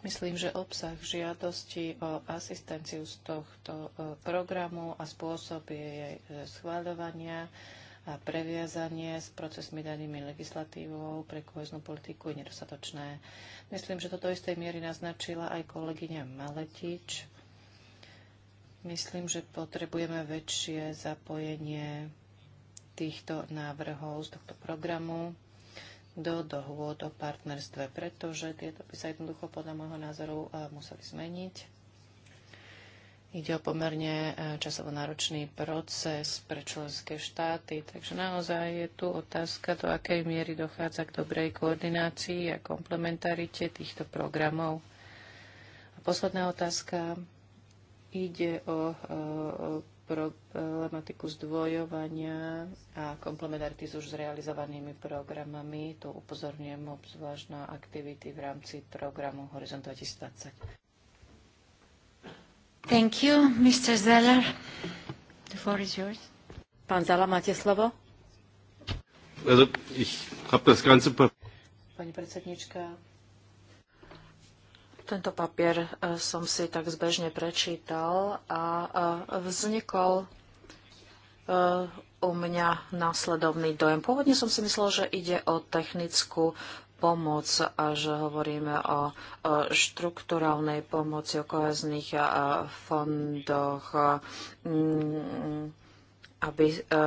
Myslím, že obsah žiadosti o asistenciu z tohto e, programu a spôsob jej schváľovania a previazanie s procesmi danými legislatívou pre koheznú politiku je nedostatočné. Myslím, že toto istej miery naznačila aj kolegyňa Maletič. Myslím, že potrebujeme väčšie zapojenie týchto návrhov z tohto programu do dohôd o partnerstve, pretože tieto by sa jednoducho podľa môjho názoru eh, museli zmeniť Ide o pomerne e, časovo náročný proces pre členské štáty, takže naozaj je tu otázka, do akej miery dochádza k dobrej koordinácii a komplementarite týchto programov. A posledná otázka. Ide o, e, problematiku zdvojovania a komplementarity s už zrealizovanými programami. Tu upozorňujem obzvlášť na aktivity v rámci programu Horizon 2020.
Thank you, Mr. Zeller. The floor is yours. Pán Zala, máte slovo.
Also, ich habe das ganze Pani
predsednička, tento papier e, som si tak zbežne prečítal a e, vznikol e, u mňa následovný dojem. Pôvodne som si myslel, že ide o technickú pomoc a že hovoríme o štrukturálnej pomoci, o kohezných fondoch, mm, aby e, e,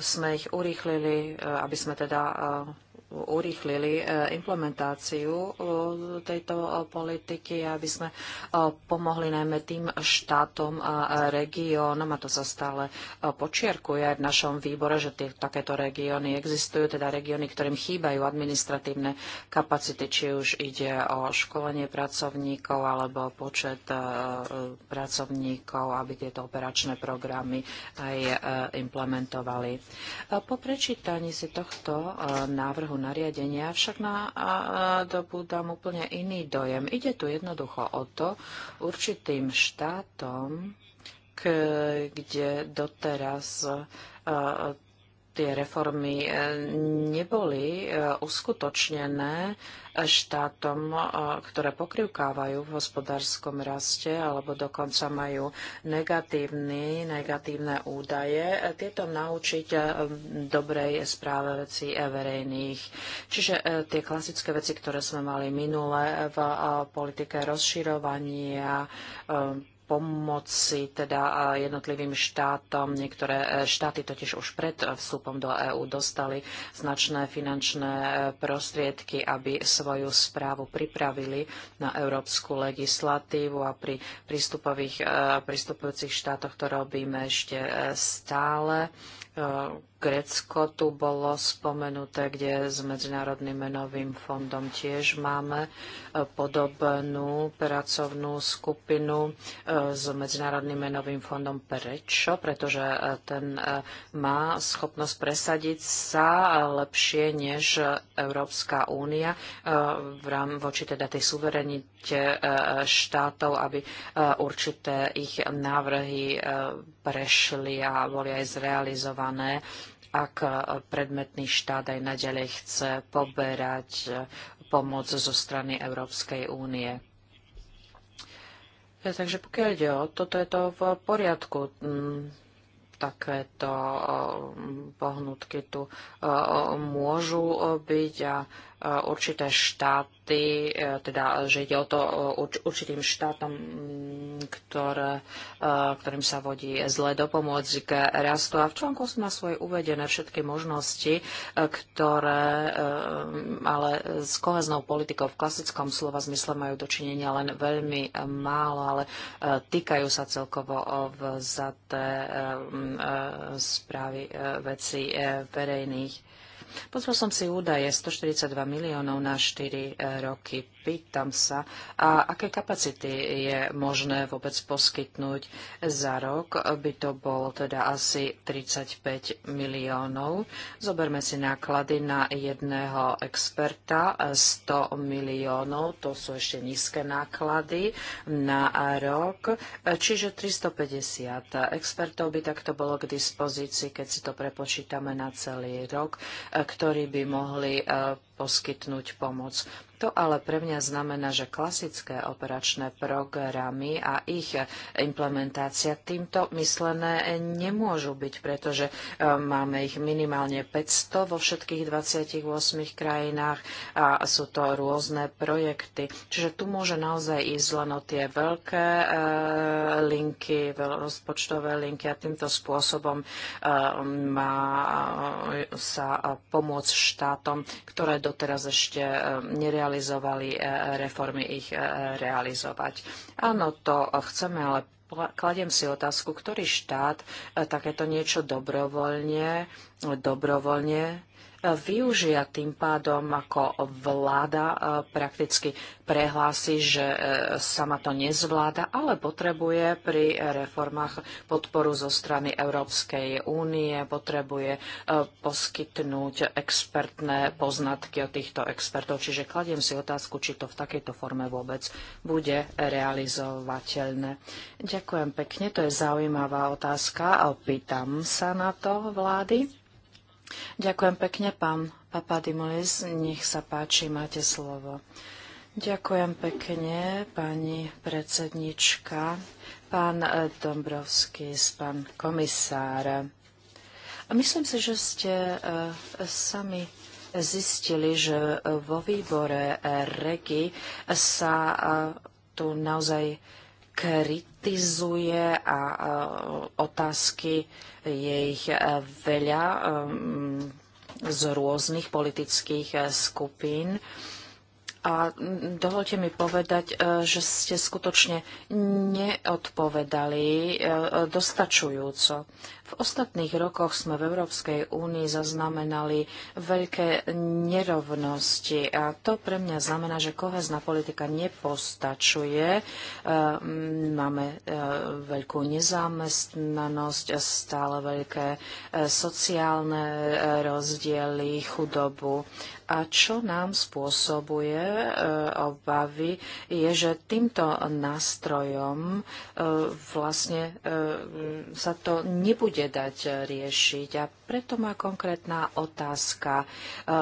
sme ich urýchlili, e, aby sme teda urýchlili e, implementáciu e, tejto e, politiky, aby sme pomohli najmä tým štátom a regiónom, a to sa stále počiarkuje aj v našom výbore, že tie, takéto regióny existujú, teda regióny, ktorým chýbajú administratívne kapacity, či už ide o školenie pracovníkov alebo počet pracovníkov, aby tieto operačné programy aj implementovali. Po prečítaní si tohto návrhu nariadenia, však na dobu dám úplne iný dojem. Ide tu jednoducho o to určitým štátom, kde doteraz tie reformy e, neboli e, uskutočnené štátom, e, ktoré pokrivkávajú v hospodárskom raste alebo dokonca majú negatívny, negatívne údaje, tieto naučiť dobrej správe veci verejných. Čiže tie klasické veci, ktoré sme mali minule v politike rozširovania, pomoci teda jednotlivým štátom. Niektoré e, štáty totiž už pred vstupom do EÚ dostali značné finančné e, prostriedky, aby svoju správu pripravili na európsku legislatívu a pri prístupových, e, prístupujúcich štátoch to robíme ešte stále E, Grécko tu bolo spomenuté, kde s Medzinárodným menovým fondom tiež máme e, podobnú pracovnú skupinu e, s Medzinárodným menovým fondom. Prečo? Pretože ten má schopnosť presadiť sa lepšie než Európska únia voči teda tej suverenite E, štátov, aby e, určité ich návrhy e, prešli a boli aj zrealizované ak predmetný štát aj naďalej chce poberať pomoc zo strany Európskej únie. Ja, takže pokiaľ ide o toto, je to v poriadku mm, takéto pohnutky tu môžu byť a určité štáty, e, teda že ide o to e, určitým štátom, ktoré, e, ktorým sa vodí zle do pomôcť k rastu. A v článku sú na svoje uvedené všetky možnosti, ktoré ale s koheznou politikou v klasickom slova zmysle majú dočinenia len veľmi málo, ale týkajú sa celkovo vzaté správy veci verejných. Pozrel som si údaje 142 miliónov na 4 e, roky pýtam sa, a aké kapacity je možné vôbec poskytnúť za rok? By to bolo teda asi 35 miliónov. Zoberme si náklady na jedného experta 100 miliónov, to sú ešte nízke náklady na rok, čiže 350 expertov by takto bolo k dispozícii, keď si to prepočítame na celý rok, ktorí by mohli eh, poskytnúť pomoc. To ale pre mňa znamená, že klasické operačné programy a ich implementácia týmto myslené nemôžu byť, pretože e, máme ich minimálne 500 vo všetkých 28 krajinách a sú to rôzne projekty. Čiže tu môže naozaj ísť len o tie veľké e, linky, rozpočtové linky a týmto spôsobom e, má sa pomôcť štátom, ktoré doteraz ešte nerealizujú realizovali e, reformy, ich e, realizovať. Áno, to chceme, ale kladiem si otázku, ktorý štát e, takéto niečo dobrovoľne, dobrovoľne využia tým pádom, ako vláda e, prakticky prehlási, že e, sama to nezvláda, ale potrebuje pri reformách podporu zo strany Európskej únie, potrebuje e, poskytnúť expertné poznatky od týchto expertov. Čiže kladiem si otázku, či to v takejto forme vôbec bude realizovateľné. Ďakujem pekne, to je zaujímavá otázka. a Pýtam sa na to vlády. Ďakujem pekne, pán Papadimolis. Nech sa páči, máte slovo. Ďakujem pekne, pani predsednička, pán e, Dombrovský, pán komisár. A myslím si, že ste e, sami zistili, že e, vo výbore REGI sa tu naozaj kritizuje a e, otázky je ich e, veľa e, z rôznych politických skupín. A dovolte mi povedať, e, že ste skutočne neodpovedali e, e, dostačujúco. V ostatných rokoch sme v Európskej únii zaznamenali veľké nerovnosti a to pre mňa znamená, že kohezná politika nepostačuje. Máme veľkú nezamestnanosť, stále veľké sociálne rozdiely, chudobu. A čo nám spôsobuje e, obavy, je, že týmto nástrojom e, vlastne e, sa to nebude dať riešiť. A preto má konkrétna otázka.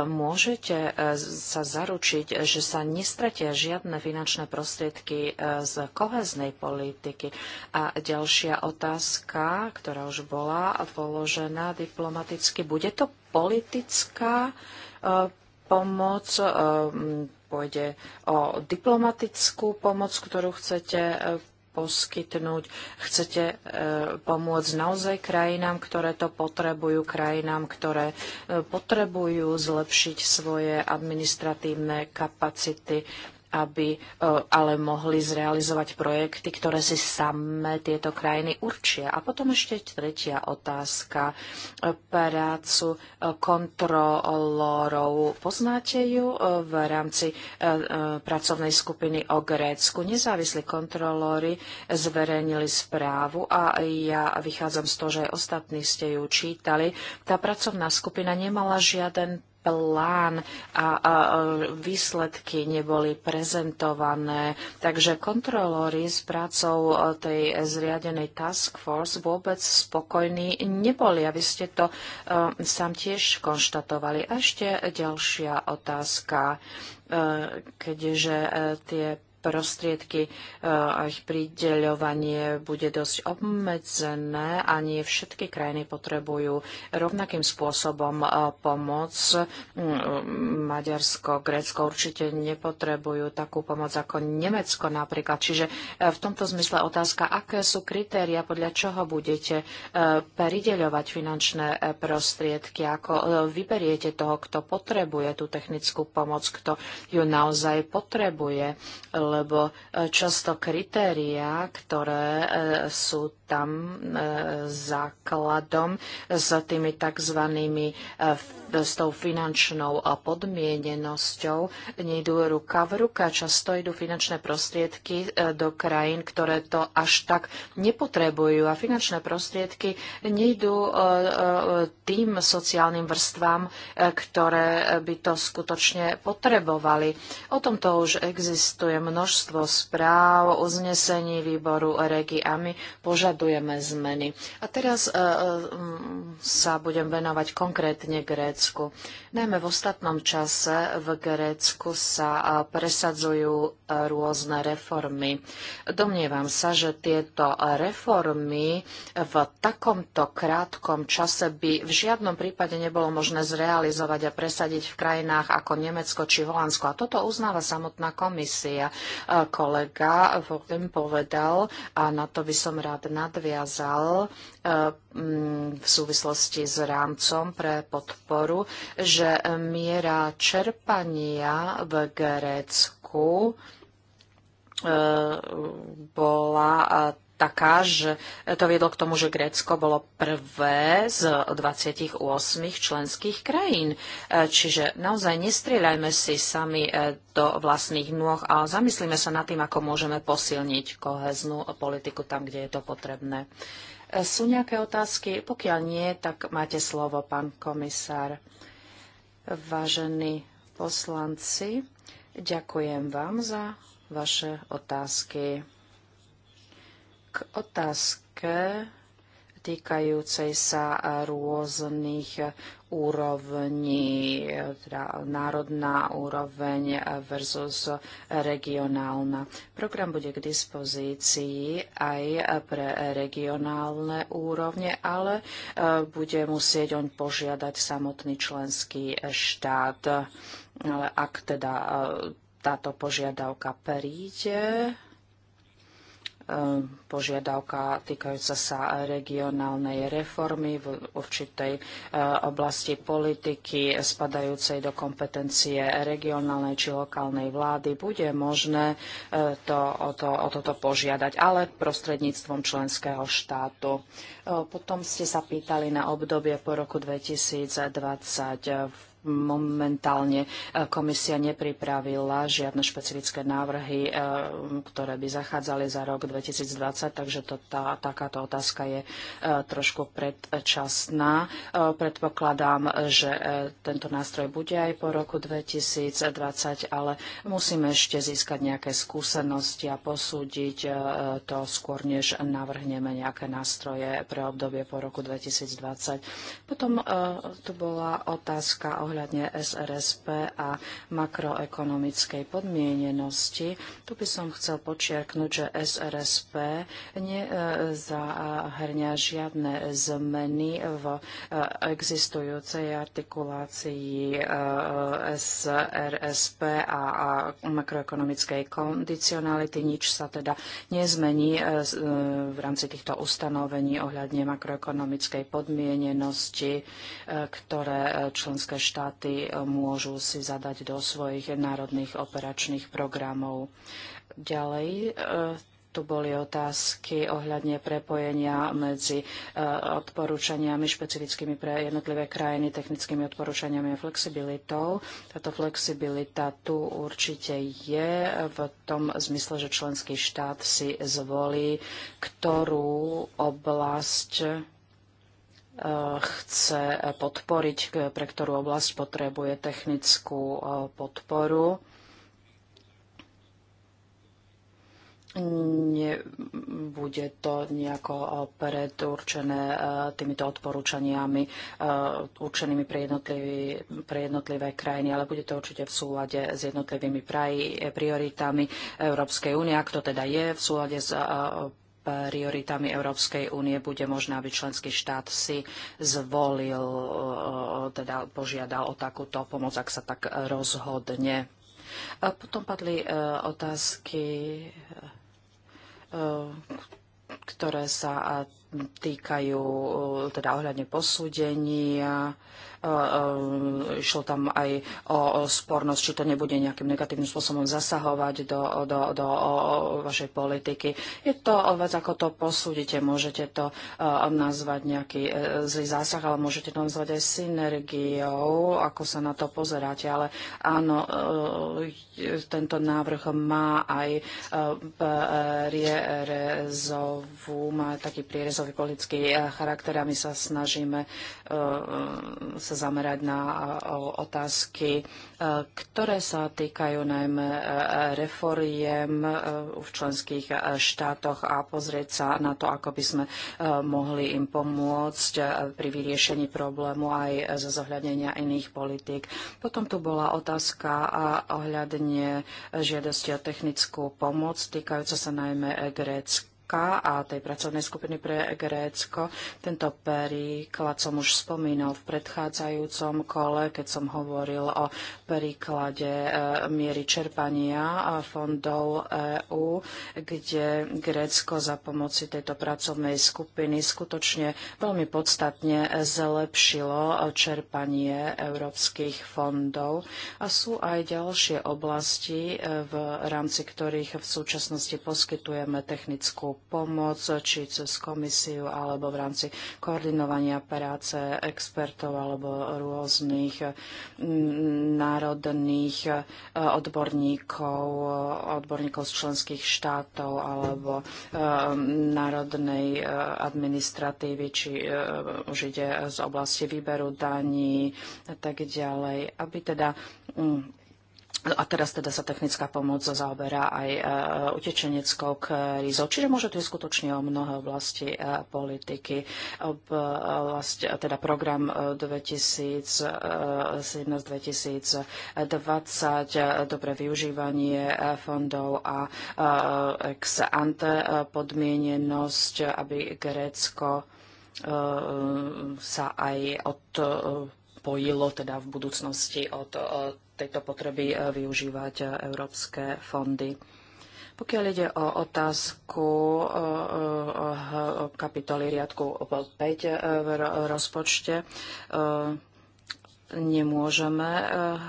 Môžete sa zaručiť, že sa nestratia žiadne finančné prostriedky z koheznej politiky? A ďalšia otázka, ktorá už bola položená diplomaticky, bude to politická pomoc e, pôjde o diplomatickú pomoc, ktorú chcete e, poskytnúť. Chcete e, pomôcť naozaj krajinám, ktoré to potrebujú, krajinám, ktoré potrebujú zlepšiť svoje administratívne kapacity aby e, ale mohli zrealizovať projekty, ktoré si samé tieto krajiny určia. A potom ešte tretia otázka. E, prácu e, kontrolorov. Poznáte ju v rámci pracovnej skupiny o Grécku. Nezávislí kontrolóri zverejnili správu a ja vychádzam z toho, že aj ostatní ste ju čítali. Tá pracovná skupina nemala žiaden plán a, a výsledky neboli prezentované. Takže kontrolóri s prácou e, tej zriadenej task force vôbec spokojní neboli. A vy ste to e, sám tiež konštatovali. A ešte ďalšia otázka e, keďže tie prostriedky e, a ich prideľovanie bude dosť obmedzené a nie všetky krajiny potrebujú rovnakým spôsobom e, pomoc. Mm, Maďarsko, Grécko určite nepotrebujú takú pomoc ako Nemecko napríklad. Čiže e, v tomto zmysle otázka, aké sú kritéria, podľa čoho budete prideľovať finančné prostriedky, ako vyberiete toho, kto potrebuje tú technickú pomoc, kto ju naozaj potrebuje lebo e, často kritériá, ktoré e, sú tam e, základom s tými tzv. s tou finančnou podmienenosťou nejdú ruka v ruka. Často idú finančné prostriedky do krajín, ktoré to až tak nepotrebujú a finančné prostriedky nejdú tým sociálnym vrstvám, ktoré by to skutočne potrebovali. O tomto už existuje mnoho množstvo správ, uznesení výboru REGI a my požadujeme zmeny. A teraz e, e, sa budem venovať konkrétne Grécku. Najmä v ostatnom čase v Grécku sa e, presadzujú e, rôzne reformy. Domnievam sa, že tieto reformy v takomto krátkom čase by v žiadnom prípade nebolo možné zrealizovať a presadiť v krajinách ako Nemecko či Holandsko. A toto uznáva samotná komisia kolega Vogem povedal a na to by som rád nadviazal e, mm, v súvislosti s rámcom pre podporu, že miera čerpania v Grécku e, bola taká, že to viedlo k tomu, že Grécko bolo prvé z 28 členských krajín. E, čiže naozaj nestrieľajme si sami e, do vlastných nôh a zamyslíme sa nad tým, ako môžeme posilniť koheznú politiku tam, kde je to potrebné. E, sú nejaké otázky? Pokiaľ nie, tak máte slovo, pán komisár. Vážení poslanci, ďakujem vám za vaše otázky otázke týkajúcej sa rôznych úrovní, teda národná úroveň versus regionálna. Program bude k dispozícii aj pre regionálne úrovne, ale e, bude musieť on požiadať samotný členský štát. Ale ak teda e, táto požiadavka príde, E, požiadavka týkajúca sa regionálnej reformy v určitej e, oblasti politiky spadajúcej do kompetencie regionálnej či lokálnej vlády. Bude možné e, to, o, to, o toto požiadať, ale prostredníctvom členského štátu. Potom ste sa pýtali na obdobie po roku 2020. V momentálne e, komisia nepripravila žiadne špecifické návrhy, e, ktoré by zachádzali za rok 2020, takže to, tá, takáto otázka je e, trošku predčasná. Predpokladám, že tento nástroj bude aj po roku 2020, ale musíme ešte získať nejaké skúsenosti a posúdiť to skôr, než navrhneme nejaké nástroje pre obdobie po roku 2020. Potom tu bola otázka o ohľadne SRSP a makroekonomickej podmienenosti. Tu by som chcel počiarknúť, že SRSP nezahrňa e, žiadne zmeny v e, existujúcej artikulácii e, SRSP a makroekonomickej kondicionality. Nič sa teda nezmení v rámci týchto ustanovení ohľadne makroekonomickej podmienenosti, ktoré členské štáty štáty e, môžu si zadať do svojich národných operačných programov. Ďalej, e, tu boli otázky ohľadne prepojenia medzi e, odporúčaniami špecifickými pre jednotlivé krajiny, technickými odporúčaniami a flexibilitou. Táto flexibilita tu určite je v tom zmysle, že členský štát si zvolí, ktorú oblasť chce podporiť, pre ktorú oblasť potrebuje technickú e, podporu. nebude to nejako e, predurčené e, týmito odporúčaniami určenými pre, pre jednotlivé krajiny, ale bude to určite v súlade s jednotlivými prioritami Európskej únie, ak to teda je v súlade s prioritami Európskej únie bude možné, aby členský štát si zvolil, teda požiadal o takúto pomoc, ak sa tak rozhodne. A potom padli e, otázky, e, ktoré sa týkajú e, teda ohľadne posúdenia Išlo ehm, tam aj o spornosť, či to nebude nejakým negatívnym spôsobom zasahovať do, do, do vašej politiky. Je to vec, ako to posúdite. Môžete to ehm, nazvať nejaký e, zlý zásah, ale môžete to nazvať aj synergiou, ako sa na to pozeráte. Ale áno, e, tento návrh má aj e, prierezovú, má taký prierezový politický charakter a my sa snažíme sa zamerať na otázky, e, ktoré sa týkajú najmä e, reforiem e, v členských štátoch a pozrieť sa na to, ako by sme mohli im pomôcť pri vyriešení problému aj za zohľadenia iných politík. Potom tu bola otázka ohľadne žiadosti o technickú pomoc týkajúca sa najmä Grécka Grécka a tej pracovnej skupiny pre Grécko. Tento príklad som už spomínal v predchádzajúcom kole, keď som hovoril o príklade e, miery čerpania e, fondov EÚ, kde Grécko za pomoci tejto pracovnej skupiny skutočne veľmi podstatne zlepšilo e, čerpanie európskych fondov. A sú aj ďalšie oblasti, v rámci ktorých v súčasnosti poskytujeme technickú pomoc, či cez komisiu, alebo v rámci koordinovania práce expertov alebo rôznych mm, národných e, odborníkov, odborníkov z členských štátov alebo e, národnej e, administratívy, či už ide z oblasti výberu daní a tak ďalej, aby teda mm, a teraz teda sa technická pomoc zaoberá aj e, utečeneckou krízou, čiže môže to je skutočne o mnohé oblasti e, politiky. Oblasti, e, teda program 2017-2020, dobre využívanie fondov a ex ante podmienenosť, aby Grécko sa aj odpojilo teda v budúcnosti od tejto potreby e, využívať e, európske fondy. Pokiaľ ide o otázku e, kapitoly riadku 5 v rozpočte, nemôžeme eh,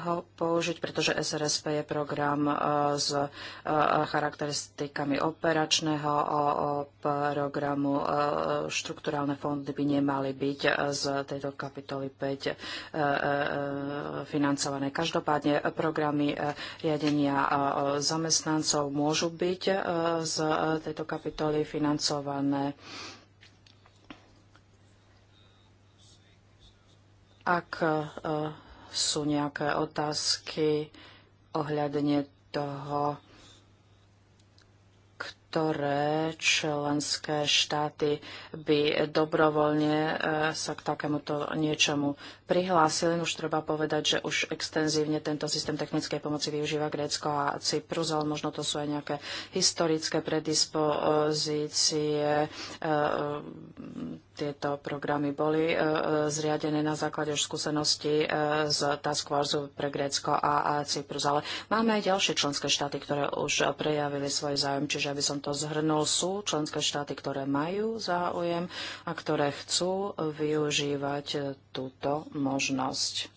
ho použiť, pretože SRSP je program eh, s eh, charakteristikami operačného programu. Štrukturálne fondy by nemali byť z tejto kapitoly 5 financované. Každopádne programy riadenia zamestnancov môžu byť z tejto kapitoly financované. Ak e, sú nejaké otázky ohľadne toho, ktoré členské štáty by dobrovoľne e, sa k takémuto niečomu prihlásili. Už treba povedať, že už extenzívne tento systém technickej pomoci využíva Grécko a Cyprus, ale možno to sú aj nejaké historické predispozície. E, e, tieto programy boli e, zriadené na základe už skúseností z Task Force pre Grécko a Cyprus. Ale máme aj ďalšie členské štáty, ktoré už prejavili svoj záujem, čiže aby som to zhrnul, sú členské štáty, ktoré majú záujem a ktoré chcú využívať túto možnosť.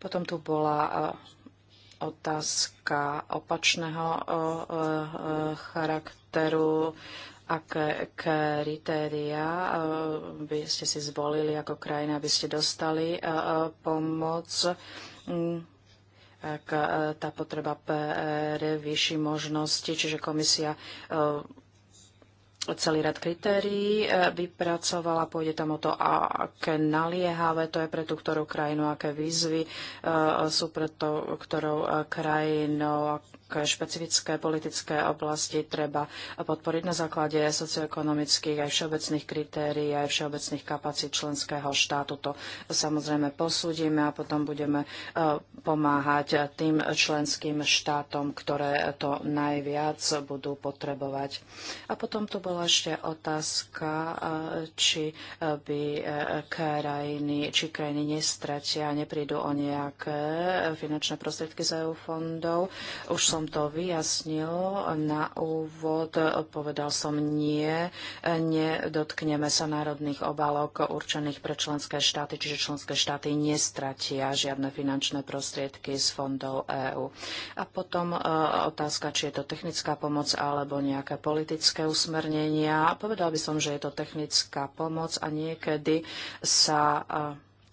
Potom tu bola e, otázka opačného e, e, charakteru aké kritéria by ste si zvolili ako krajina, aby ste dostali pomoc, mm. ak tá potreba pre vyšší možnosti, čiže komisia celý rad kritérií e, vypracovala. Pôjde tam o to, aké naliehavé to je pre tú ktorú krajinu, aké výzvy e, sú pre to ktorou e, krajinou, špecifické politické oblasti treba podporiť na základe socioekonomických aj všeobecných kritérií, aj všeobecných kapacít členského štátu. To samozrejme posúdime a potom budeme e, pomáhať tým členským štátom, ktoré to najviac budú potrebovať. A potom tu bola ešte otázka, e, či e, by krajiny, či krajiny nestratia, neprídu o nejaké finančné prostriedky z EU fondov. Už som som to vyjasnil na úvod. Povedal som nie, nedotkneme sa národných obálok určených pre členské štáty, čiže členské štáty nestratia žiadne finančné prostriedky z fondov EÚ. A potom e, otázka, či je to technická pomoc alebo nejaké politické usmernenia. Povedal by som, že je to technická pomoc a niekedy sa e,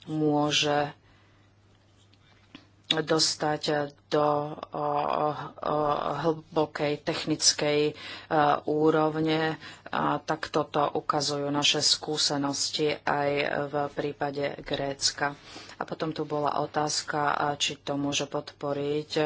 môže dostať do hlbokej technickej e, úrovne. A tak toto ukazujú naše skúsenosti aj v prípade Grécka. A potom tu bola otázka, či to môže podporiť, e, e,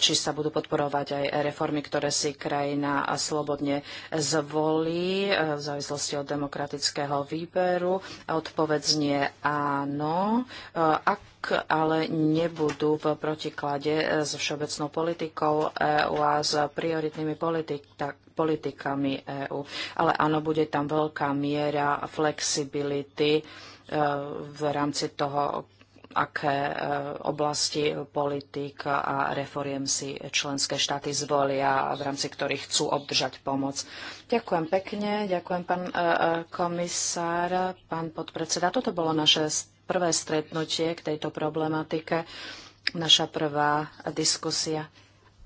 či sa budú podporovať aj reformy, ktoré si krajina slobodne zvolí e, v závislosti od demokratického výberu. A odpovedz nie áno. Ak ale nebudú v protiklade s všeobecnou politikou EÚ a s prioritnými politik, tak, politikami EÚ. Ale áno, bude tam veľká miera flexibility v rámci toho, aké e, oblasti politik a reforiem si členské štáty zvolia, v rámci ktorých chcú obdržať pomoc. Ďakujem pekne, ďakujem pán e, e, komisár, pán podpredseda. Toto bolo naše prvé stretnutie k tejto problematike, naša prvá diskusia.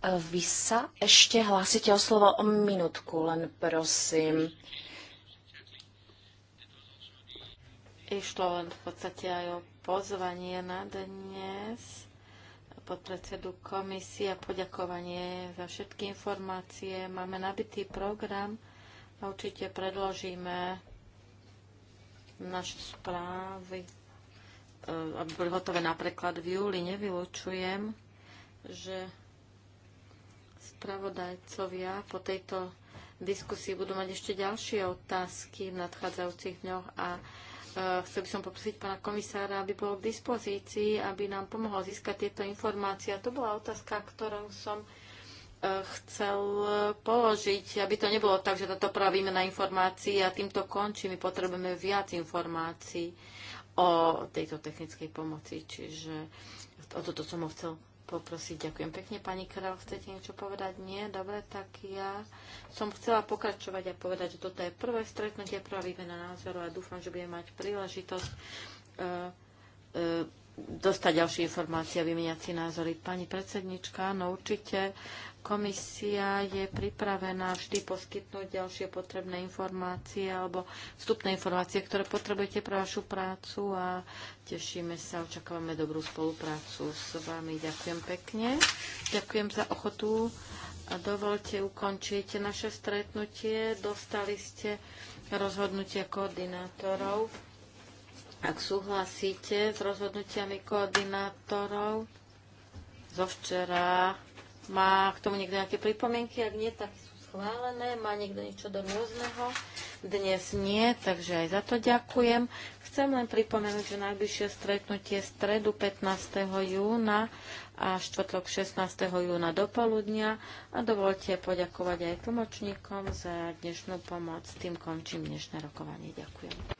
Vy sa ešte hlásite o slovo o minútku, len prosím.
Išlo len v podstate aj o pozvanie na dnes podpredsedu komisie a poďakovanie za všetky informácie. Máme nabitý program a určite predložíme naše správy, e, aby boli hotové napríklad v júli. Nevylučujem, že spravodajcovia po tejto diskusii budú mať ešte ďalšie otázky v nadchádzajúcich dňoch a E, chcel by som poprosiť pána komisára, aby bol k dispozícii, aby nám pomohol získať tieto informácie. A to bola otázka, ktorú som e, chcel položiť, aby to nebolo tak, že toto prvá výmena informácií a týmto končí. My potrebujeme viac informácií o tejto technickej pomoci, čiže o toto som ho chcel poprosiť. Ďakujem pekne, pani Král. Chcete niečo povedať? Nie? Dobre, tak ja som chcela pokračovať a povedať, že toto je prvé stretnutie, prvá výmena názoru a dúfam, že budem mať príležitosť uh, uh, dostať ďalšie informácie a vymeniať si názory. Pani predsednička, no určite Komisia je pripravená vždy poskytnúť ďalšie potrebné informácie alebo vstupné informácie, ktoré potrebujete pre vašu prácu a tešíme sa, očakávame dobrú spoluprácu s vami. Ďakujem pekne. Ďakujem za ochotu a dovolte ukončiť naše stretnutie. Dostali ste rozhodnutia koordinátorov. Ak súhlasíte s rozhodnutiami koordinátorov zo včera, má k tomu niekto nejaké pripomienky? Ak nie, tak sú schválené. Má niekto niečo do rôzneho? Dnes nie, takže aj za to ďakujem. Chcem len pripomenúť, že najbližšie stretnutie stredu 15. júna a štvrtok 16. júna do poludnia. A dovolte poďakovať aj tlmočníkom za dnešnú pomoc. Tým končím dnešné rokovanie. Ďakujem.